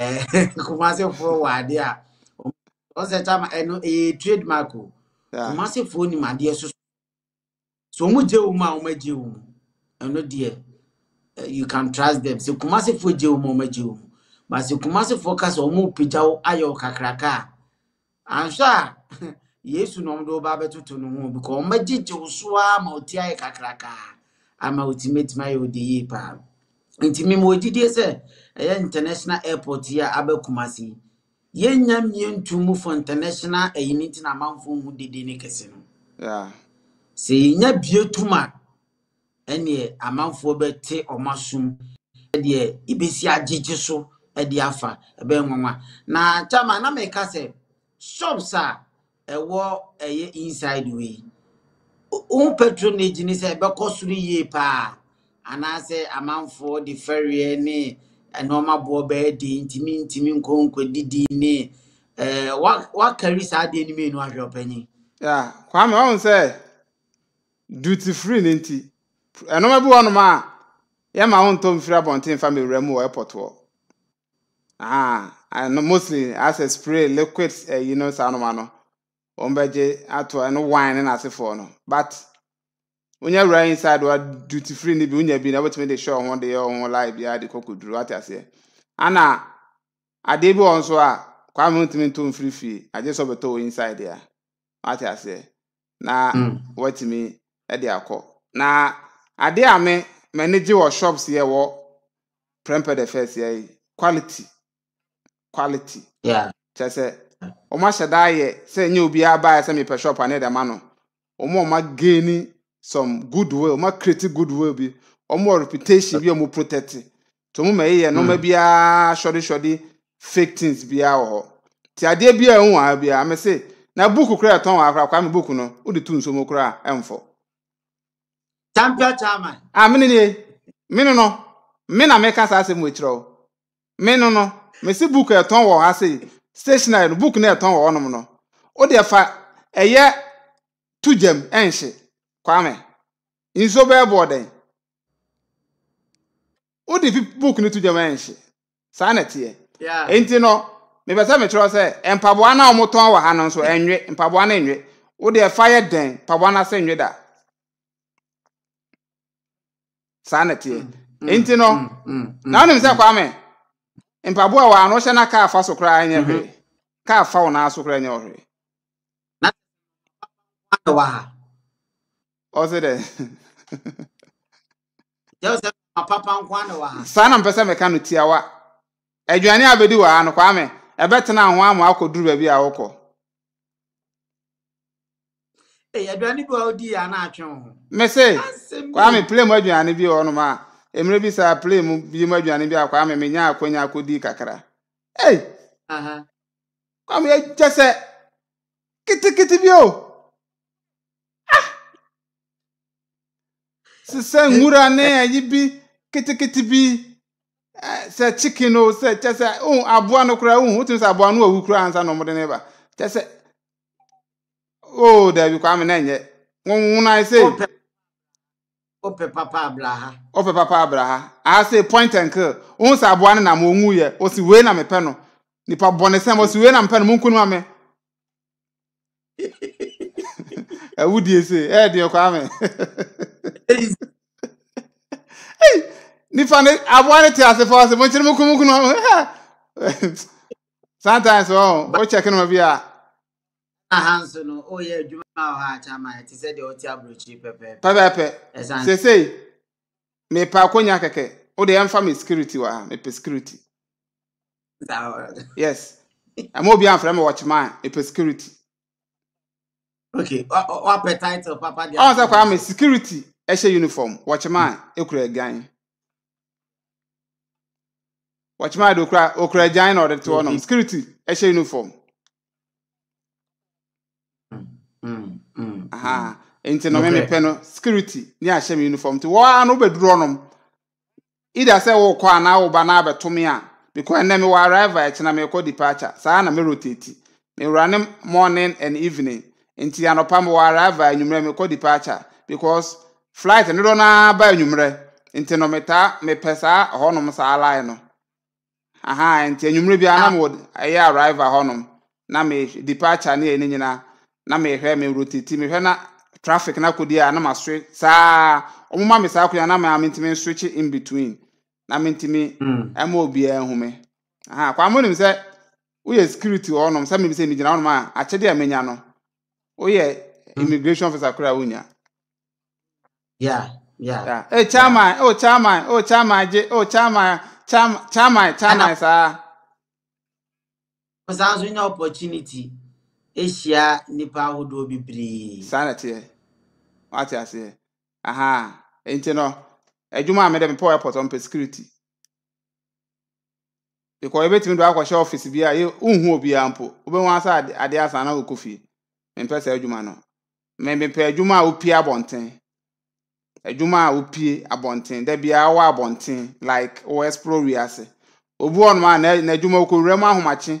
B: eh, kumasefoɔ wɔ a ɔsɛ ɛno ɛyɛ trademark o kumasefoɔ nim adeɛ soso so gye wɔn a agye wɔn ɛno deɛ eh, you can trust them sɛ kumasefoɔ gye wɔn a agye wɔn kumasefoɔ kasa ayɛ anhwɛ a yesu na ɔmde woba abɛtoto no ho bikɔ ɔmɛgyegye wo so a ma ɔti ayɛ kakrakaa ama ɔtumitumi ayɛ ɔde yie paa nti mema ɔgyidie sɛ ɛyɛ international airport yi a abɛkuma se yi yɛnya mmie ntom mu for international ɛyi no nti na amanfoɔ hu dede ne kɛse no sɛ yɛnya bie tum a ɛneɛ amanfoɔ bɛte ɔma som ɛdeɛ ibɛsi agyegye so ɛde afa ɛbɛyɛ nwanwa na kyama na meka sɛ shops a ɛwɔ ɛyɛ inside way ohun patronage na sɛ ɛbɛkɔ soro yie paa anaasɛ amanfoɔ de fɛreɛ ne eh, nneɛma boɔ bɛyɛ de ntumi ntumi nkonko didi ne ɛɛ eh, wakari saa adeɛ no mmienu ahwɛ ɔpanyin. ya kwame
C: ɔhun sɛ duty free ne nti nneɛma bi a mfiri abɔnten fa mu and mostly as a spray liquid ɛyi eh, no saa anoma no wɔn bɛgye ato ɛno eh, wine eh, na asefoɔ no but onye awura inside wa duty free ni bi wonya ah, ah, bi na wotumi de hyɛ ɔho de yɛ ɔho lai bi ade kɔkɔ duro ate aseɛ ana adeɛ bi wɔ nso a kwame ntumi nto mfiri fie agye sɛ ɔbɛtɔ wɔ inside ya ate aseɛ na wɔtumi de akọ na adeɛ a me m'ani gye wɔ shops yɛ wɔ prempɛ de fɛs yɛ quality quality kyerɛ sɛ ɔmo ahyɛ da ayɛ sɛ nye obiara baa sɛ mepɛ shop a dɛm ano some goodwill ɔmo create goodwill bi ɔmo reputation bi ɔmo protect to ɔmo ma yɛ mm. nneɛma biara sɔdesɔde fake things biara wɔ hɔ te adeɛ biara ɛho ha biara ame se na buku kura ɛtɔn wɔn akora kwame book no o de tu nsuo kura ɛnfɔ. champion chairman. a ah, mene nie mene no na meka saa asɛm wɔ akyerɛ o no. mesi book ɛtɔn wɔ ha se stationary no book na ɛtɔn wɔ hɔnom no o deɛ fa ɛyɛ tu gyam ɛnhye kwame Nso bɛyɛ bɔ ɔdɛn o de fi book ne tu gyam ɛnhye saa na teɛ nti no mepɛ sɛ mekyerɛ sɛ mpaboa no a wɔtɔn wɔ ha no nso ɛnwe mpaboa no ɛnwe o deɛ fa yɛ dɛn mpaboa no asɛ nwe da saa na teɛ mm. mm. nti no mm. na wonim sɛ kwame mpaboa wɔ ano hyɛ na kaa fa so koraa mhm. hwee kaa fa wo naa so koraa hwee. na wayɛ wɔ ha. ɔsi dɛ.
B: papa ha.
C: saa na mpɛ sɛ mɛka no tiawa aduane abɛdi wɔ ha no kwame ɛbɛtena ho ama akɔduru baabi a wokɔ.
B: ee a odi
C: mese kwame plem aduane bi wɔ nom a. emere bi sa play mu bi ma aduane bi akwa amị nya nye nya akwa di kakra ei aha kwa mu ya se kitikiti bi o ah sise eh. ngura ne ayi bi kitikiti bi eh, sɛ chicken o sɛ kyɛ sɛ ohun aboa no koraa ohun wotum sɛ aboa no owu koraa ansa na ɔmo de ne ba kyɛ sɛ oo oh, dabi kwa amena nyɛ nwunwuna ese. Ope papa abraha. Ope papa abraha. I say point and kill. Unsa abuane na mo ngu ye. Osi we na me peno. Nipa bone sem osi we na me peno munkunu ame. E wudi ese. E de kwa ame. Hey, nipa ne abuane ti ase fa ase mo chiri munkunu munkunu ame. Sometimes oh, o check no bia
B: ahanso no oyɛ adwuma wɔ ha akyɛ ama yɛte sɛ deɛ ɔte aburokyi pɛpɛɛpɛ.
C: pɛpɛɛpɛ sese mepa akonya kɛkɛ o de ɛnfa mi security wɔ ha mepɛ security. yes ɛmo obi anfrɛ mi wɔkyemaa mepɛ security. okay
B: wapɛ title papa deɛ. ɔn sɛ kɔ ama
C: security ɛhyɛ uniform wɔkyemaa ekura ɛgan. wɔkyemaa de okura okura ɛgan na ɔde to hɔ mhm. security ɛhyɛ uniform. Mm, mm, mm. nti no memepɛ no security ne ahyɛ me uniform nti wɔa no wobɛduru ɔnom ida sɛ wokɔ woba na abɛtome a because ɛnɛ mewɔ arrive a ɛkyena merekɔ departure saa na merotati mewura ne morning and evening nti anɔpa mewɔ arrive a anwummerɛ merekɔ departure because flight no dɔ naa ba anwummerɛ nti no metaa mepɛ saa hɔnom saa line no aha nti anwummerɛ biara na ah. mewɔ ɛyɛ arrive hɔnom na me departure ne nyinaa na mehwɛ me rotiti mehwɛ na traffic na kodi a na ma switch saa ɔmo ma me saa kodi na ma ntumi switch in between na me ntumi mm. ɛma obiara ehume aha kwa mu nim sɛ woyɛ security wɔ hɔnom sɛ mebisɛ mi gyina hɔnom a akyɛdeɛ a menya no woyɛ mm. immigration officer koraa a wonya.
B: Yeah, yeah. Yeah.
C: Hey, eh, chairman, oh chairman, oh chairman, oh chairman, chairman, chairman, chairman, sir.
B: Because I was opportunity. ahyia nnipa ahodoɔ bebree saa na
C: teɛ wate aseɛ aha nti no adwuma a mede mepɛ airport ɔmpɛ security because ebetumi do akɔhyɛ office bi a nhun obiara mpo wobɛhu asa adeɛ asa na okɔ fie mempɛ saa adwuma no mempɛ adwuma a opie abɔnten adwuma a opie abɔnten da biara abɔnten like wɔ explore wiase obi wɔ nom a n'adwuma okɔ wura mu ahomakye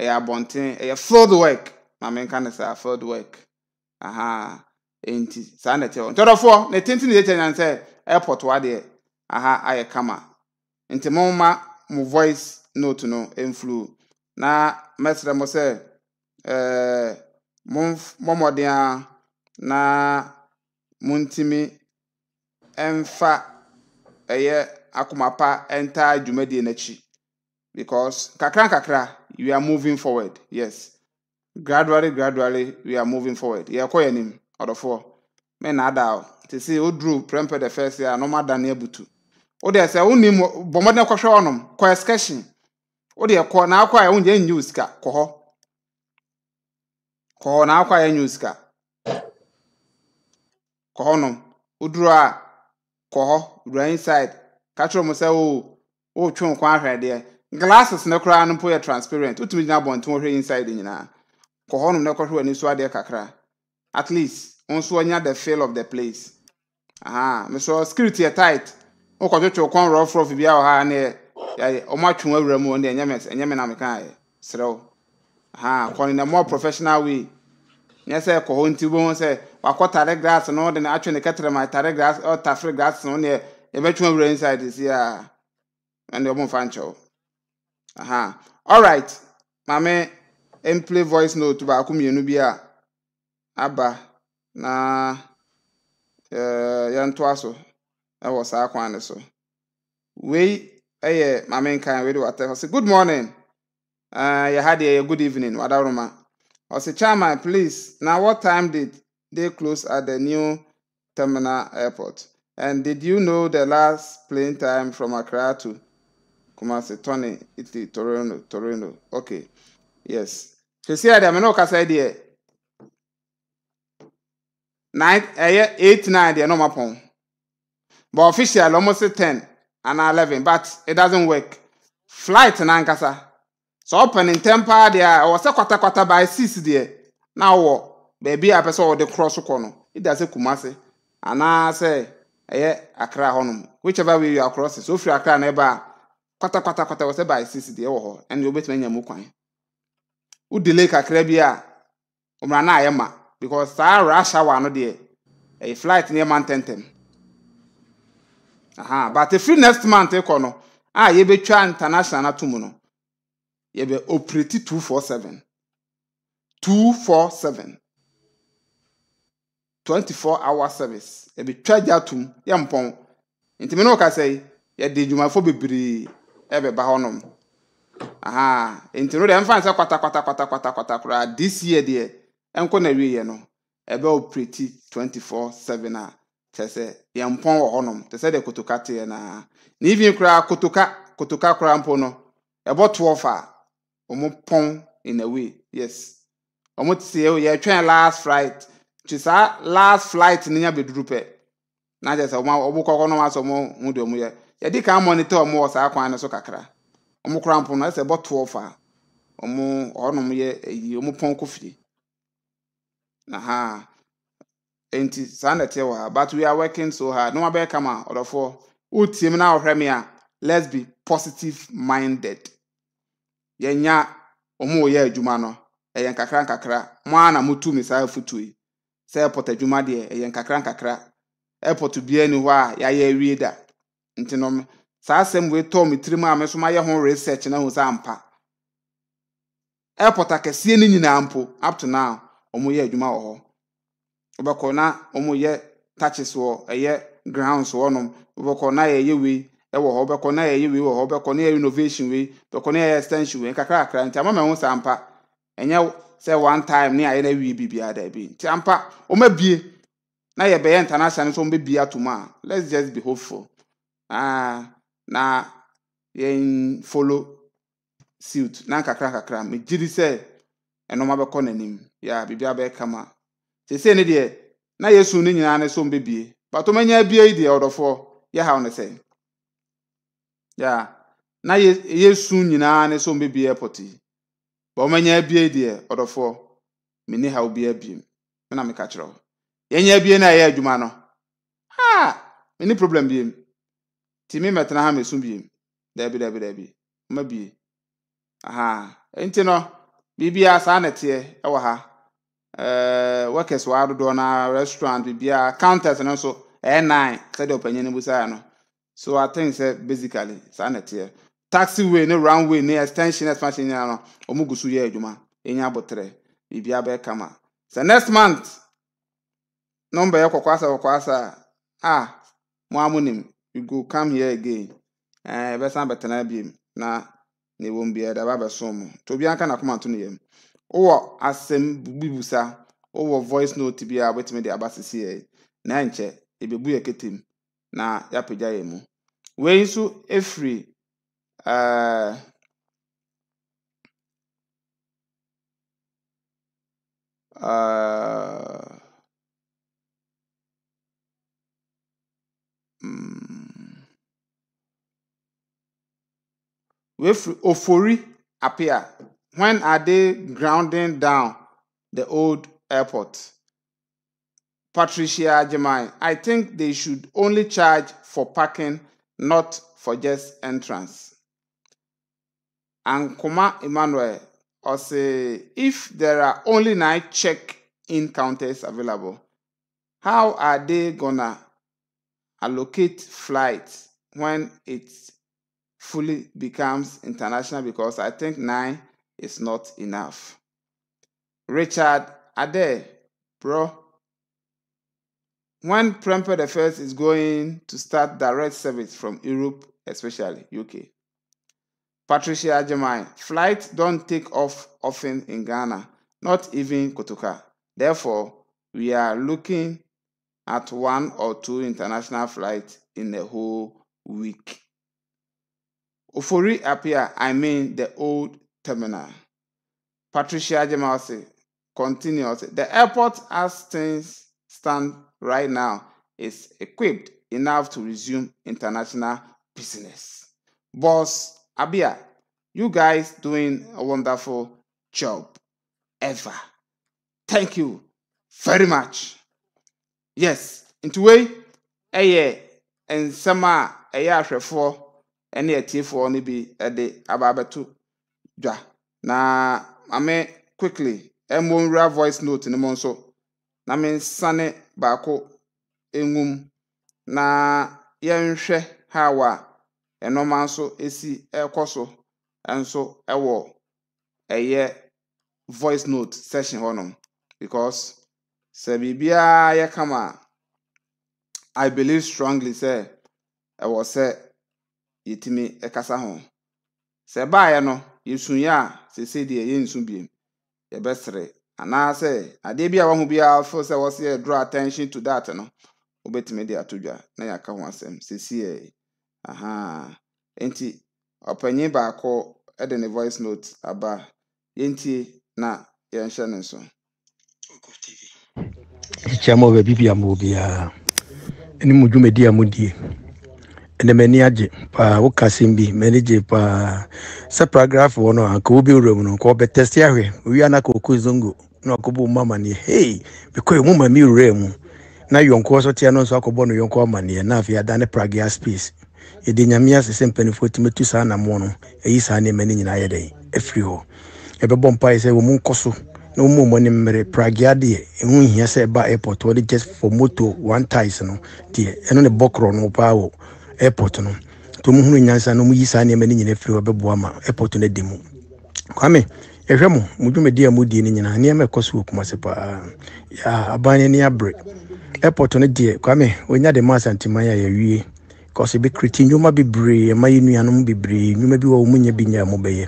C: ɛyɛ abɔnten ɛyɛ field work maame nka ne saa field work aha nti saa na ɛkyɛ hɔ ntɔdɔfoɔ na tenten yɛ kyɛ nyansɛ airport wa deɛ aha ayɛ kama nti mo ma mo voice note no mflu na mɛsrɛ mo sɛ ɛɛ eh, mo mmɔmɔden a na mo ntumi mfa ɛyɛ akoma pa ntaa dwumadie n'akyi because kakra nkakra. we are moving forward yes gradually gradually we are moving forward yɛkɔ yɛn anim ɔdɔfoɔ me na ada o te sɛ woduru prɛmpɛ the first year a na ɔma da ne abutu wode sɛ wonim bɔmmɔden kɔhwɛ ɔnom kɔ excursion wode kɔ na akɔ a wonyɛ nnyi wo sika kɔ hɔ kɔ hɔ na akɔ a yɛnyɛ wo sika kɔ hɔ nom woduru a kɔ hɔ wura inside ka kyerɛ mu sɛ wo wotwe wo kwan ahwɛ deɛ glasses no koraa no mpo yɛ transparent wotumi gyina abɔnten wɔhwɛ inside nyinaa kɔ hɔnom na kɔhwɛ w'ani so adeɛ kakra at least wo nso anya the feel of the place aha mesɔ security yɛ tight wokɔtwetwe kwan rɔfrɔf bi a wɔ ha ne ɔmo atwe wɔn awura mu wɔn deɛ ɛnyɛ ɛnyɛ na meka yɛ serew aha kɔ ne na more professional way nyɛ sɛ kɔ hɔ nti wɔn sɛ wakɔ tare glass no ɔde ne atwe ne kɛtɛrɛma tare glass ɔtafere glass no ne yɛbɛtwe wɔn awura inside si a ɛnna ɔmo nfa nkyɛw aha all alright maame mplay voice note baako mmienu bi a aba na eh, yɛntoa so ɛwɔ saa kwan ne so wei ɛyɛ maame nkan wei de wata ɔsɛ good morning eh, yɛ ha deɛ yɛ good evening wadaroma ɔsɛ chairman please na what time did they close at the new terminal airport and did you know the last plane time from accra to Kumasi, Tony, Italy, Torino, Torino. ok Yes. Hwesi a deɛ me ne kasa deɛ ɛyɛ eight deɛ na ɔmo apɔn but official ɔmo se ten anaa but it doesn't work flight nkasa sɛ ɔpɛ ntɛm paa deɛ a ɔwɔ sɛ kwatakwata by six deɛ na ɔwɔ baabi a pɛ sɛ ɔde korɔ so kɔ no ida sɛ Kumasi anaa sɛ ɛyɛ Accra hɔnom whichever way you are crossing so ofiri akra na ɛba kwatakwatakwata whatever i see si deɛ wɔ hɔ ɛna obetumi anya mu kwan udele kakra bi a ɔmra na ayɛ ma because saa rush hour no deɛ ɛyɛ flight ne ɛma ntɛntɛm aha but efiri next month kɔ no a yɛbɛtwa international ato mu no yɛbɛ operate two four seven two four seven twenty four hour service yɛbɛtwa gya ato mu yɛ mpɔn ntoma no kasa yi yɛde dwumayɛfo bebree. ɛbɛba hɔnom aha nti no deɛ mfa nsɛ kwatakwatakwatakwatakwa koraa this year deɛ ɛnkɔ na wieɛ no ɛbɛ preti 24/7 seven a kyerɛ sɛ yɛn pɔn wɔ hɔnom te sɛ deɛ kotoka teɛ naa na even koraa kotoka kotoka koraa mpo no ɛbɔ twelve a wɔn pɔn in a way yes wɔn te sɛ yɛtwɛn last flight nti saa last flight ne nya bɛduru pɛ na kyerɛ sɛ wɔn a wɔn kɔkɔ no ma wɔn ho deɛ wɔn yɛ. yɛde kan monitor ɔmo wɔ saa kwan no so kakra ɔmo kora mpo no ɛsɛ bɔtoɔ fa ɔmo ɔnom yɛ eyi ɔmo pɔnkɔ fie na ha nti saa na ɛte wɔ ha but we are working so hard nneɛma bɛyɛ kama ɔdɔfoɔ wotie na ɔhwɛ mi a let's be positive minded yɛnya ɔmo wɔyɛ adwuma no ɛyɛ nkakra nkakra mo ara na mo tu mi saa afutuo yi sɛ airport adwuma deɛ ɛyɛ nkakra nkakra airport bia ni hɔ a yɛayɛ awie da. nti nọ saa asɛm wei tɔɔ me tirim a me nso ho na ho sɛ ampa airport akɛseɛ no nyinaa mpo yɛ adwuma wɔ hɔ na wɔn yɛ touches wɔ ɛyɛ grounds na yɛyɛ wei ɛwɔ hɔ na yɛyɛ wei wɔ hɔ na yɛ renovation wei na yɛ extension wei nti ama sɛ ampa ɛnyɛ sɛ one time ne ayɛ na wie biribiara daabi nti ampa abie na yɛbɛyɛ international nso bɛbie a let's just na yɛn follow suit na nkakra nkakra megye di sɛ ɛnɔma bɛkɔ n'anim yɛ biribi abɛyɛ kama sese ne deɛ na yesu ne nyinaa ne so mbɛbie bato manya abie yi deɛ ɔdɔfoɔ yɛ haw ne sɛ yɛ na yesu nyinaa ne so mbɛbie ɛpɔte bɔn manya abie yi deɛ ɔdɔfoɔ mene haw bi na mena meka kyerɛw yɛnya abie na a ɛyɛ adwuma no ha mene problem biem ntimi mɛtena ha meso biem daabi daabi daabi ma bie aha nti no biribia saa na teɛ ɛwɔ ha ɛɛ workers wa dodoɔ na restaurant biribia counters no nso ɛyɛ nine sɛdeɛ ɔpanyin no busaa no so i think sɛ basically saa na teɛ taxiway ne runway ne extension expansion nyinaa no wɔn gu so yɛ adwuma enya abotire biribia bɛyɛ kama sɛ next month nɔmba yɛ kɔkɔ asa kɔkɔ asa a mo amu nim. you go come here again ɛbɛsan eh, bɛtena biem na na ɛwɔ mu biara ɛdaba bɛso mu nti obiara na n'akoma to no yam wowɔ asɛm bi wowɔ voice note bi a wobɛtumi de aba na nkyɛ ebebu yɛ ketem na yɛapagya yɛ mu wei nso Uh, mm. with Ofori appear? When are they grounding down the old airport? Patricia Jemai, I think they should only charge for parking, not for just entrance. And Kuma Emmanuel, or say, if there are only nine check-in counters available, how are they gonna allocate flights when it's fully becomes international because I think nine is not enough. Richard Ade, bro. When Prempeh the First is going to start direct service from Europe, especially UK. Patricia Ajamai, flights don't take off often in Ghana, not even Kotoka. Therefore, we are looking at one or two international flights in the whole week. Ofori Apia, I mean the old terminal. Patricia Jemasi continues, the airport as things stand right now is equipped enough to resume international business. Boss Abia, you guys doing a wonderful job ever. Thank you very much. Yes, into way, eye, and summer, eh for ɛne atiefoɔ no bi ɛde aba abɛto dwa na maame quickly ɛmmɔ nwura voice note no mu nso na mensane baako ɛnwum na yɛnhwɛ how a ɛnɔma nso ɛsi ɛrekɔ so ɛnso ɛwɔ ɛyɛ voice note session hɔnom because sɛ biribiara yɛ i believe strongly sɛ ɛwɔ sɛ yɛtumi kasa ho sɛ baeɛ no yɛsuiɛ a seesei deɛ yɛnsu biem yɛbɛsere anaasɛ adeɛ bi a wahu biara fo sɛ wɔsɛ draw attention to that no wobɛtumi de ato dwa na yɛaka ho asɛm seesei aha nti ɔpanyin baako de ne voice note aba yɛntie na yɛnhyɛ ne nso
D: kyikyia ma ɔbaabi bia ma obiara ɛne mu dwumadi a modie ɛnna m'ani agye paa woka asɛm bi m'ani gye paa sɛ paragraph wɔ no a nka wobi wura mu no nka ɔbɛtɛsi ahwɛ owia no akɔkɔ zongo na ɔkɔbɔ mu amanneɛ hei mekɔɛ mu ma me wura mu na yɔnkoɔ so teɛ no nso akɔbɔ no yɔnkoɔ amanneɛ na afei ada ne pragea space yɛde nyame ase sɛ mpanimfoɔ tumi tu saa namoɔ no ɛyi saa nneɛma no nyinaa yɛ dɛn ɛfiri hɔ yɛbɛbɔ mpaeɛ sɛ wɔ mu nkɔ so na wɔn mu mɔni mmerɛ pragea deɛ ɛho hia sɛ ɛba airport wɔde just for moto one ties no deɛ ɛno ne bɔ korɔ no paa wɔ airport no nti ɔmo hunu nyansa na ɔmo yi saa nneɛma no nyinaa firi hɔ bɛboa ma airport no adi mu kwame ɛhwɛ mo mo dwumadi a mo die no nyinaa nneɛma ɛkɔ so wɔ kumase paa aban no ani abere airport no deɛ kwame ɔnya de ma asanteman a yɛwie kɔsɛ bi kiriti nnwoma bebree ɛma yɛ nuanom bebree nnwoma bi wɔ ɔmo nya bi nya a ɔmo bɛyɛ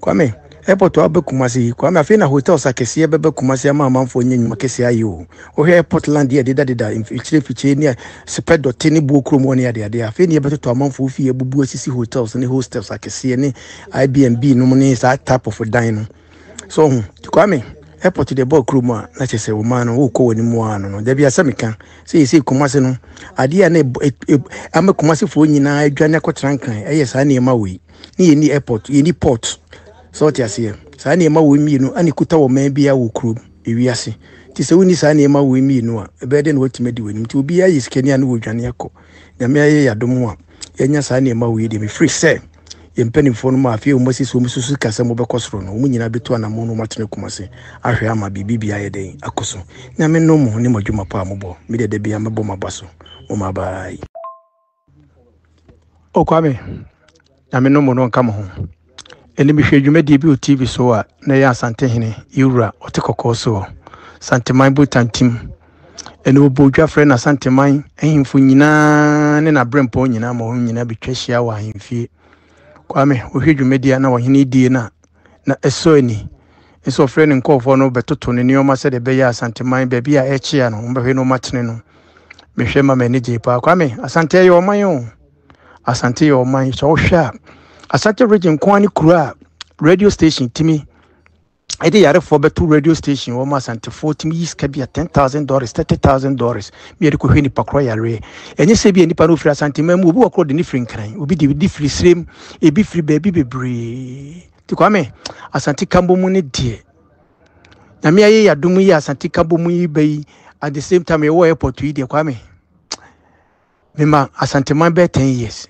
D: kwame airport wa bɛ kumase kwame afei na hotels akɛseɛ bɛbɛ kumase ama amanfoɔ nyɛ nnwuma kɛseɛ ayi o wohwɛ airport land yɛ dedadeda mfikyirɛfikyire ne sepɛ dɔte ne buo kurom hɔ ne adeadeɛ afei ne yɛbɛtotɔ amanfoɔ fie abubu asisi hotels ni hostels akɛseɛ ni Airbnb, nom ni sa type of dan no so ho kwame airport deɛ bɔɔ kurom a na kyerɛ sɛ wo ma no wokɔ w'anim a no no dabi asɛ meka sɛ yɛsɛ kumase no adeɛ a na ama kumasefoɔ nyinaa adwane akɔtena nkan ɛyɛ saa nneɛma wei ne yɛni airport yɛni port sɛ ɔte aseɛ saa nneɛma wɔ mmienu ane kuta wɔ man biara wɔ kurom ewiase nti sɛ wonni saa nneɛma wɔ mmienu a ɛbɛyɛ dɛ na watumi adi w'anim nti obiara yɛ sikani a ne wɔdwane akɔ nyame ayɛ yɛadom a yɛanya saa nneɛma wɔ yi deɛ mefiri sɛ yɛn mpanimfoɔ no mu a afei ɔmasi sɛ ɔmu susu kasa mobɛkɔ soro no ɔmu nyinaa bɛtu anammo no matene kuma se ahwɛ ama biribi bia yɛ dɛn akɔ so nyame no mo ne madwuma pa a mobɔ medeɛ da bia mɛbɔ maba so moma baai ɔkwame nyame no no ɔnka mo ho animhwɛ dwumadie bi wɔ tv so a na ɛyɛ asantehene yɛwura ɔte kɔkɔɔ so hɔ santeman botan tim ɛne wɔbɔ odwa frɛ no asanteman ahemfo nyinaa ne n'aberɛmpɔ nyinaa ma wɔn nyinaa bɛtwa ahyia wɔ ahemfie kwame wɔhwɛ dwumadie na wɔhene die no a na ɛsɔ ani nso ɔfrɛ ne nkɔɔfoɔ no bɛtoto ne nneɔma sɛdeɛ ɛbɛyɛ asanteman baabi a ɛkye no wɔbɛhwɛ no ɔmatene no mehwɛ ma m'ani gye paa kwame asante yɛ ɔman o asante yɛ ɔman sɛ wohwɛ a asate region kwan ne kuro a radio station timi ɛde yarefoɔ bɛto radio station wɔ ma asantefoɔ tumi yi sika bi a ten thousand dollars thirty thousand dollars bi yɛde kɔhwɛ nipa korɔ yareɛ ɛnyɛ sɛ bi a nipa no ofiri asantema mu obi wɔ korɔ de ne firi nkran obi de di firi serem ebi firi baabi bebree ti kwame asante kambo mu ne deɛ nyame ayɛ yadom yi asante kambo mu yi bɛ yi at the same time yɛwɔ airport yi deɛ kwame mema asanteman bɛɛ ten years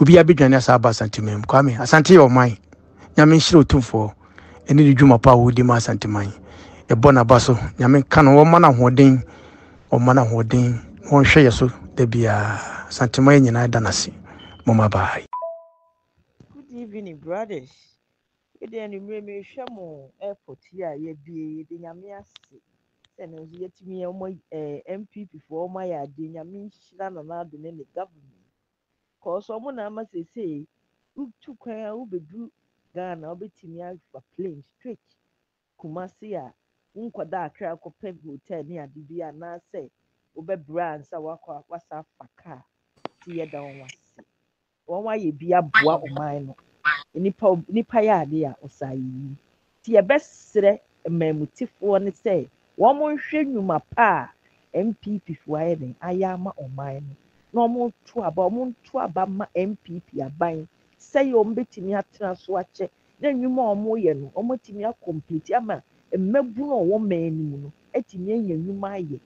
D: obi abɛdwane asa aba asantema kwame asante yɛ ɔman nyame nhyerɛ otumfoɔ ɛne ne dwuma pa a wɔdi ma asanteman ɛbɔ n'aba so nyame ka no wɔma no ahoɔden ɔma no ahoɔden wɔnhwɛ yɛ so da biaa asanteman nyinaa da n'ase mɔma bae
E: good evening brothers yɛde anwummerɛ mehwɛ mo airport yi a yɛbie yɛde nyame ase sɛ no nso yɛtumi mpp foɔ ɔma yɛ nyame nhyira nanaado ne government kɔɔso ɔmo na ama seesei wotu kwan a wobɛduru ghana wobɛtumi afa plane straight kumasi a nkɔda akra akɔpɛ hotel ne ade bi anaasɛ wobɛbrɛ ansa wakɔ wasa afa kaa ti yɛ da wɔn ase wɔn ayɛ bi aboa ɔman no nipa nipa yɛ ade a ɔsa yiyi ti yɛbɛsrɛ mmɛmutifoɔ ne sɛ wɔn nhwɛ nnwuma pa a npp fo ayɛ den ayɛ ama ɔman no na wɔreto aba wɔnto aba ma npp aban sɛyɛ wɔbɛtumi atena so akyɛ na nnwuma a wɔreyɛ no wɔatumi akɔmplete ama mmabunu a wɔwɔ mmaa no mu no atumi anya nnwuma ayɛ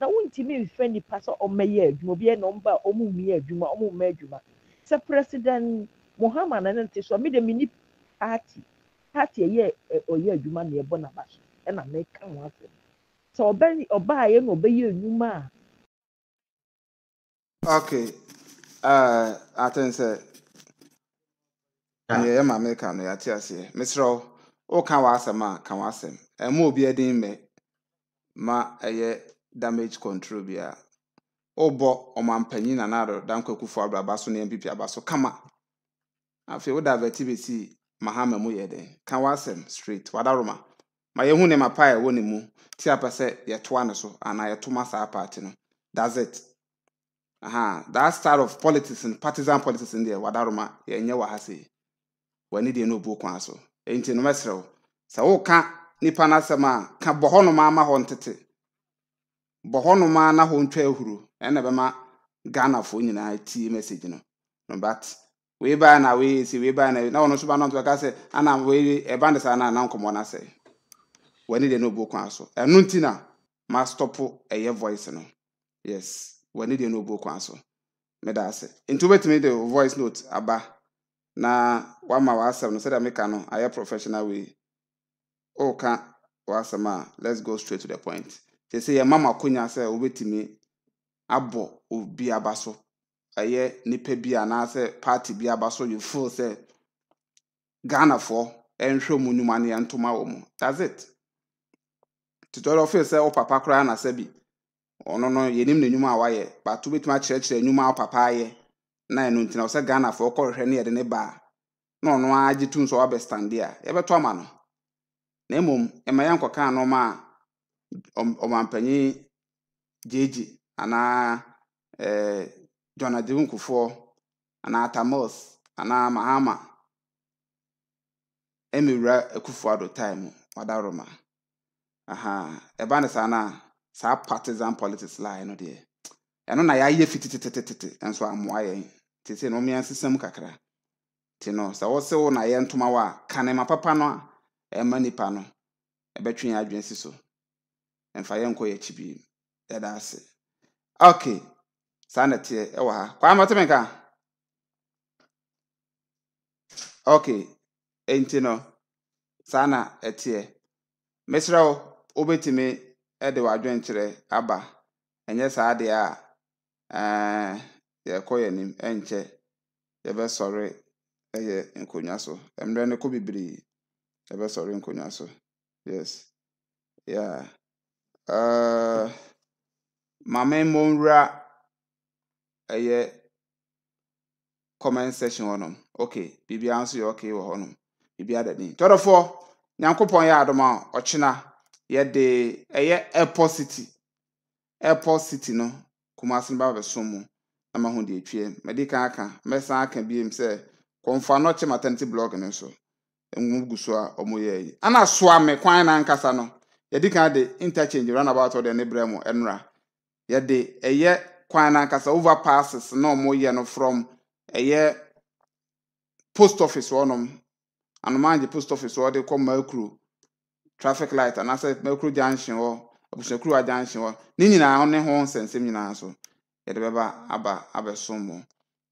E: na wɔntumi mfɛ nipa sɛ wɔmmɛyɛ adwuma obiara na wɔmba a wɔmmuyɛ adwuma wɔmmma adwuma sɛ president muhammad na ne te so a mi de mi ni party party ɛyɛ ɔyɛ adwuma na ɛbɔ n'aba so ɛna mɛka ho asɛm sɛ ɔbɛn ɔbaa yɛ na ɔbɛyɛ adwuma a.
C: Okay. Uh, eh, I think sɛ ah. neɛ yɛ maame ka no yɛate aseɛ mesrɛ wo woka w'asɛm a ka w'asɛm ɛma eh, obi adin mmɛ ma ɛyɛ damage control biara wobɔ ɔmampanyin nanado danko akufo abraba so ne mpp aba so kama afei woda abɛti bɛsii mahama mu yɛ den ka w'asɛm straight wadaroma ma yɛhu ne mapa a ɛwɔ ne mu ti apɛ sɛ yɛtoa ne so anaa yɛtoma saa paate no that's it aha that style of politics and partisan politics in there wadaroma yɛnyɛ wɔ ha sei wɔne deɛ no obuo oh. kwan so oh, nti no mɛserɛ wo sɛ woka nipa no a ka bɔ hɔnoma ama hɔ ntete bɔ hɔnoma na hɔ ntwa ahuro ɛna bɛma ghanafoɔ nyinaa tie message no no but wei baa na wee si wee baa na na wɔn nso ba no ntɔka sɛ ana wee ɛba ne saa na na nkɔmɔ no asɛ wɔne deɛ no obuo kwan so ɛno nti ma stɔpo eh, ɛyɛ voice no yes wɔne deɛ no ɔbu kwan so meda ase nti wobɛtumi de voice note aba na wama w'asɛm no sɛdeɛ meka no ayɛ professional wei ɔreka w'asɛm a let's go straight to the point ya sɛ yɛma ma akonya sɛ wobɛtumi abɔ obi aba so ɛyɛ nipa bi anaasɛ party bi aba so you feel sɛ ghanafoɔ ɛnhwɛ mu nnwuma no yɛntoma wɔ mu that's it tutorial ɔdɔ feel sɛ wo papa koraa na sɛ bi ɔno no yɛnim ne nnwuma a wayɛ bato bɛtumi akyerɛkyerɛ nnwuma a papa ayɛ na ɛno nti na ɔsɛ ghanafoɔ kɔhwehwɛ ne yɛde ne baa na ɔno ara gye tum sɛ wabɛstande a yɛbɛtɔ ama no na mmom ɛma yɛnkɔkaa no a ɔmampanyin gyegye anaa ɛɛ eh, jonathan nkufoɔ anaa tamils anaa mahama ɛmɛwura akufoɔ ado time wadaroma aha ɛba ne saa no a saa partisan politics laa no deɛ ɛno na yɛayɛ fi tetetetete nso amoa yɛn nti sɛ no mmea nsesam kakra nti no sɛ wɔ se wo na yɛ ntoma wɔ a kanema papa no a ɛma nipa no ɛbɛtwe yɛn adwene si so ɛmfa yɛnkɔ yɛ akyi bi ɛda ase ok saa na teɛ ɛwɔ ha kwaa ma teme ka ok enti no saa na ɛteɛ mesrɛ wo wobɛtumi de nkyerɛ aba ɛnyɛ saa adeɛ a ɛɛ yɛkɔ yɛn anim ɛnkyɛ yɛbɛsɔre ɛyɛ nkonnwa so mmerɛ no kɔ bebree yɛbɛsɔre nkonnwa so yes yeah ɛɛ maame mmɔ nwura ɛyɛ comment section hɔnom okay biribiara nso yɛ okay wɔ hɔnom biribiara da ni tɔdɔfoɔ nyankopɔn yɛ adoma ɔkyena. yɛde ɛyɛ airport city airport city no kumasi no ba bɛso mu na ho deɛ etwie mɛde kan aka mɛsan aka biem sɛ kɔnfa no ɔkyɛ maternity block no so ɛnwom gu so a wɔn yɛ yi ɛna soa mɛ kwan nankasa no yɛde kan de interchange runabout ɔde ne brɛ mu ɛnura yɛde ɛyɛ kwan nankasa overpasses na wɔn yɛ no from ɛyɛ post office wɔnom anomaagye post office wɔde kɔ mmaa trafik light anaasɛ mɛkuro junction hɔ abusuakuruwa junction hɔ ne nyinaa na ho nsɛnsɛm nyinaa so yɛde bɛba aba abɛsom mu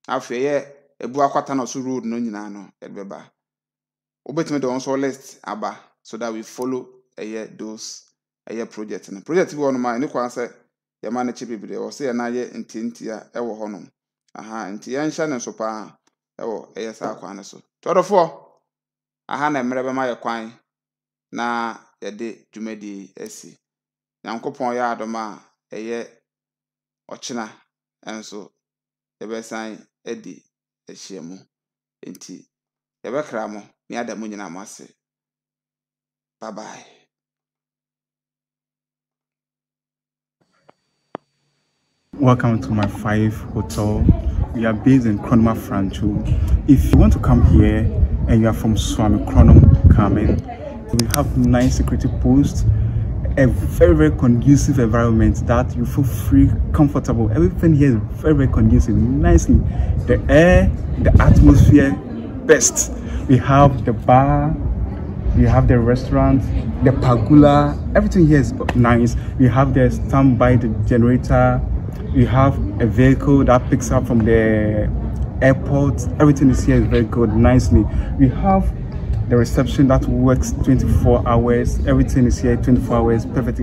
C: afei yɛ ebu akwata na ɔso road na nyinaa no yɛde bɛba wobɛtumi de wɔn list aba so that we follow ɛyɛ those ɛyɛ project na project bi wɔ nom a ɛne kwan sɛ yɛma no kyi bebree wɔ sɛ yɛna yɛ ɛwɔ hɔ nom aha nti yɛnhyɛ ne nso paa ɛwɔ ɛyɛ saa kwan no so tɔdɔfoɔ aha na mmerɛ bɛma yɛ kwan na yɛde dwumadi asi nyankopɔn yɛ adom a ɛyɛ ɔkyena nso yɛbɛsan adi ahyiamu nti yɛbɛkra mo ne ada mu nyinaa mo ase bye Welcome to my five hotel. We are based in Kronoma Franchu. If you want to come here and you are from Swami Kronom, come in. we have nice security posts a very very conducive environment that you feel free comfortable everything here is very very conducive nicely the air the atmosphere best we have the bar we have the restaurant the pagula. everything here is nice we have the standby the generator we have a vehicle that picks up from the airport everything is here is very good nicely we have the reception that works 24 hours everything is here 24 hours perfect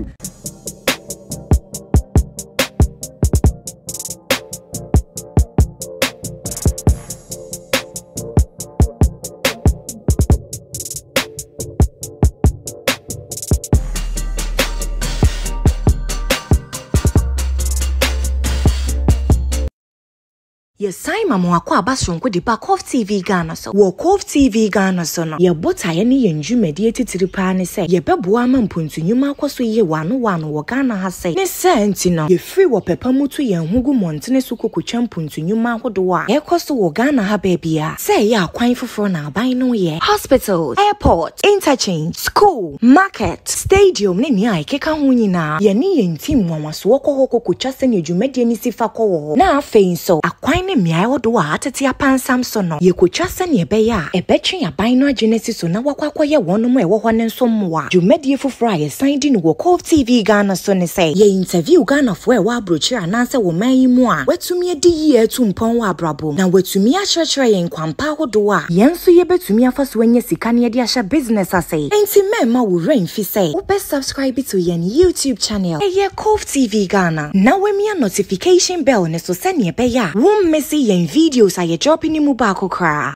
A: sesae ma ma wakɔ di ba cove tv ghana so wɔ cove tv ghana so no yɛbɔ taeɛ ne yɛn dwumadie titiri paa ne sɛ yɛbɛboa ama nyuma akɔ so yie waanowaano wɔ ghana ha sɛ ne sɛ nti no yɛfiri wɔ pɛpa mu to yɛn ho gu mmɔntene so kokotwa nyuma ahodoɔ a ɛkɔ so wɔ ghana ha baabia sɛ ɛyɛ akwan foforɔ na aban no yɛ hospitals airport interchange school market stadium ne nea ɛkeka ho nyinaa yɛne yɛn tim nwanwasoɔ kɔ hɔ kokotwa sɛnea dwumadie ne si fa kɔ wɔ hɔ na afei nso akwan ne wo do a atete apansam so no yɛkotwa sɛnea ɛbɛyɛ a ɛbɛtwe aban no agye n'asi so na wakɔakɔyɛ wɔnom a ɛwɔ hɔ ne nso mmoa dwumadie foforɔ a yɛsan di no wɔ cove tv ghana so ne sɛ yɛ interview ghanafoɔ a ɛwɔ aburokyire anaasɛ wɔ man yi mu a woatumi adi yie atu mpɔn wɔ abrabɔ na watumi akyerɛkyerɛ yɛn kwampa ahodoɔ a yɛn nso yɛbɛtumi afa so anya sika ne yɛde ahyɛ business ase enti mmarima wo werɛ mfi sɛ wobɛ subscribe to yɛn youtube channel ɛyɛ cove tv ghana na a notification bell ne so sɛnea ɛbɛyɛ a wommɛ see yɛn videos a yɛdrɔpe no mu baako koraa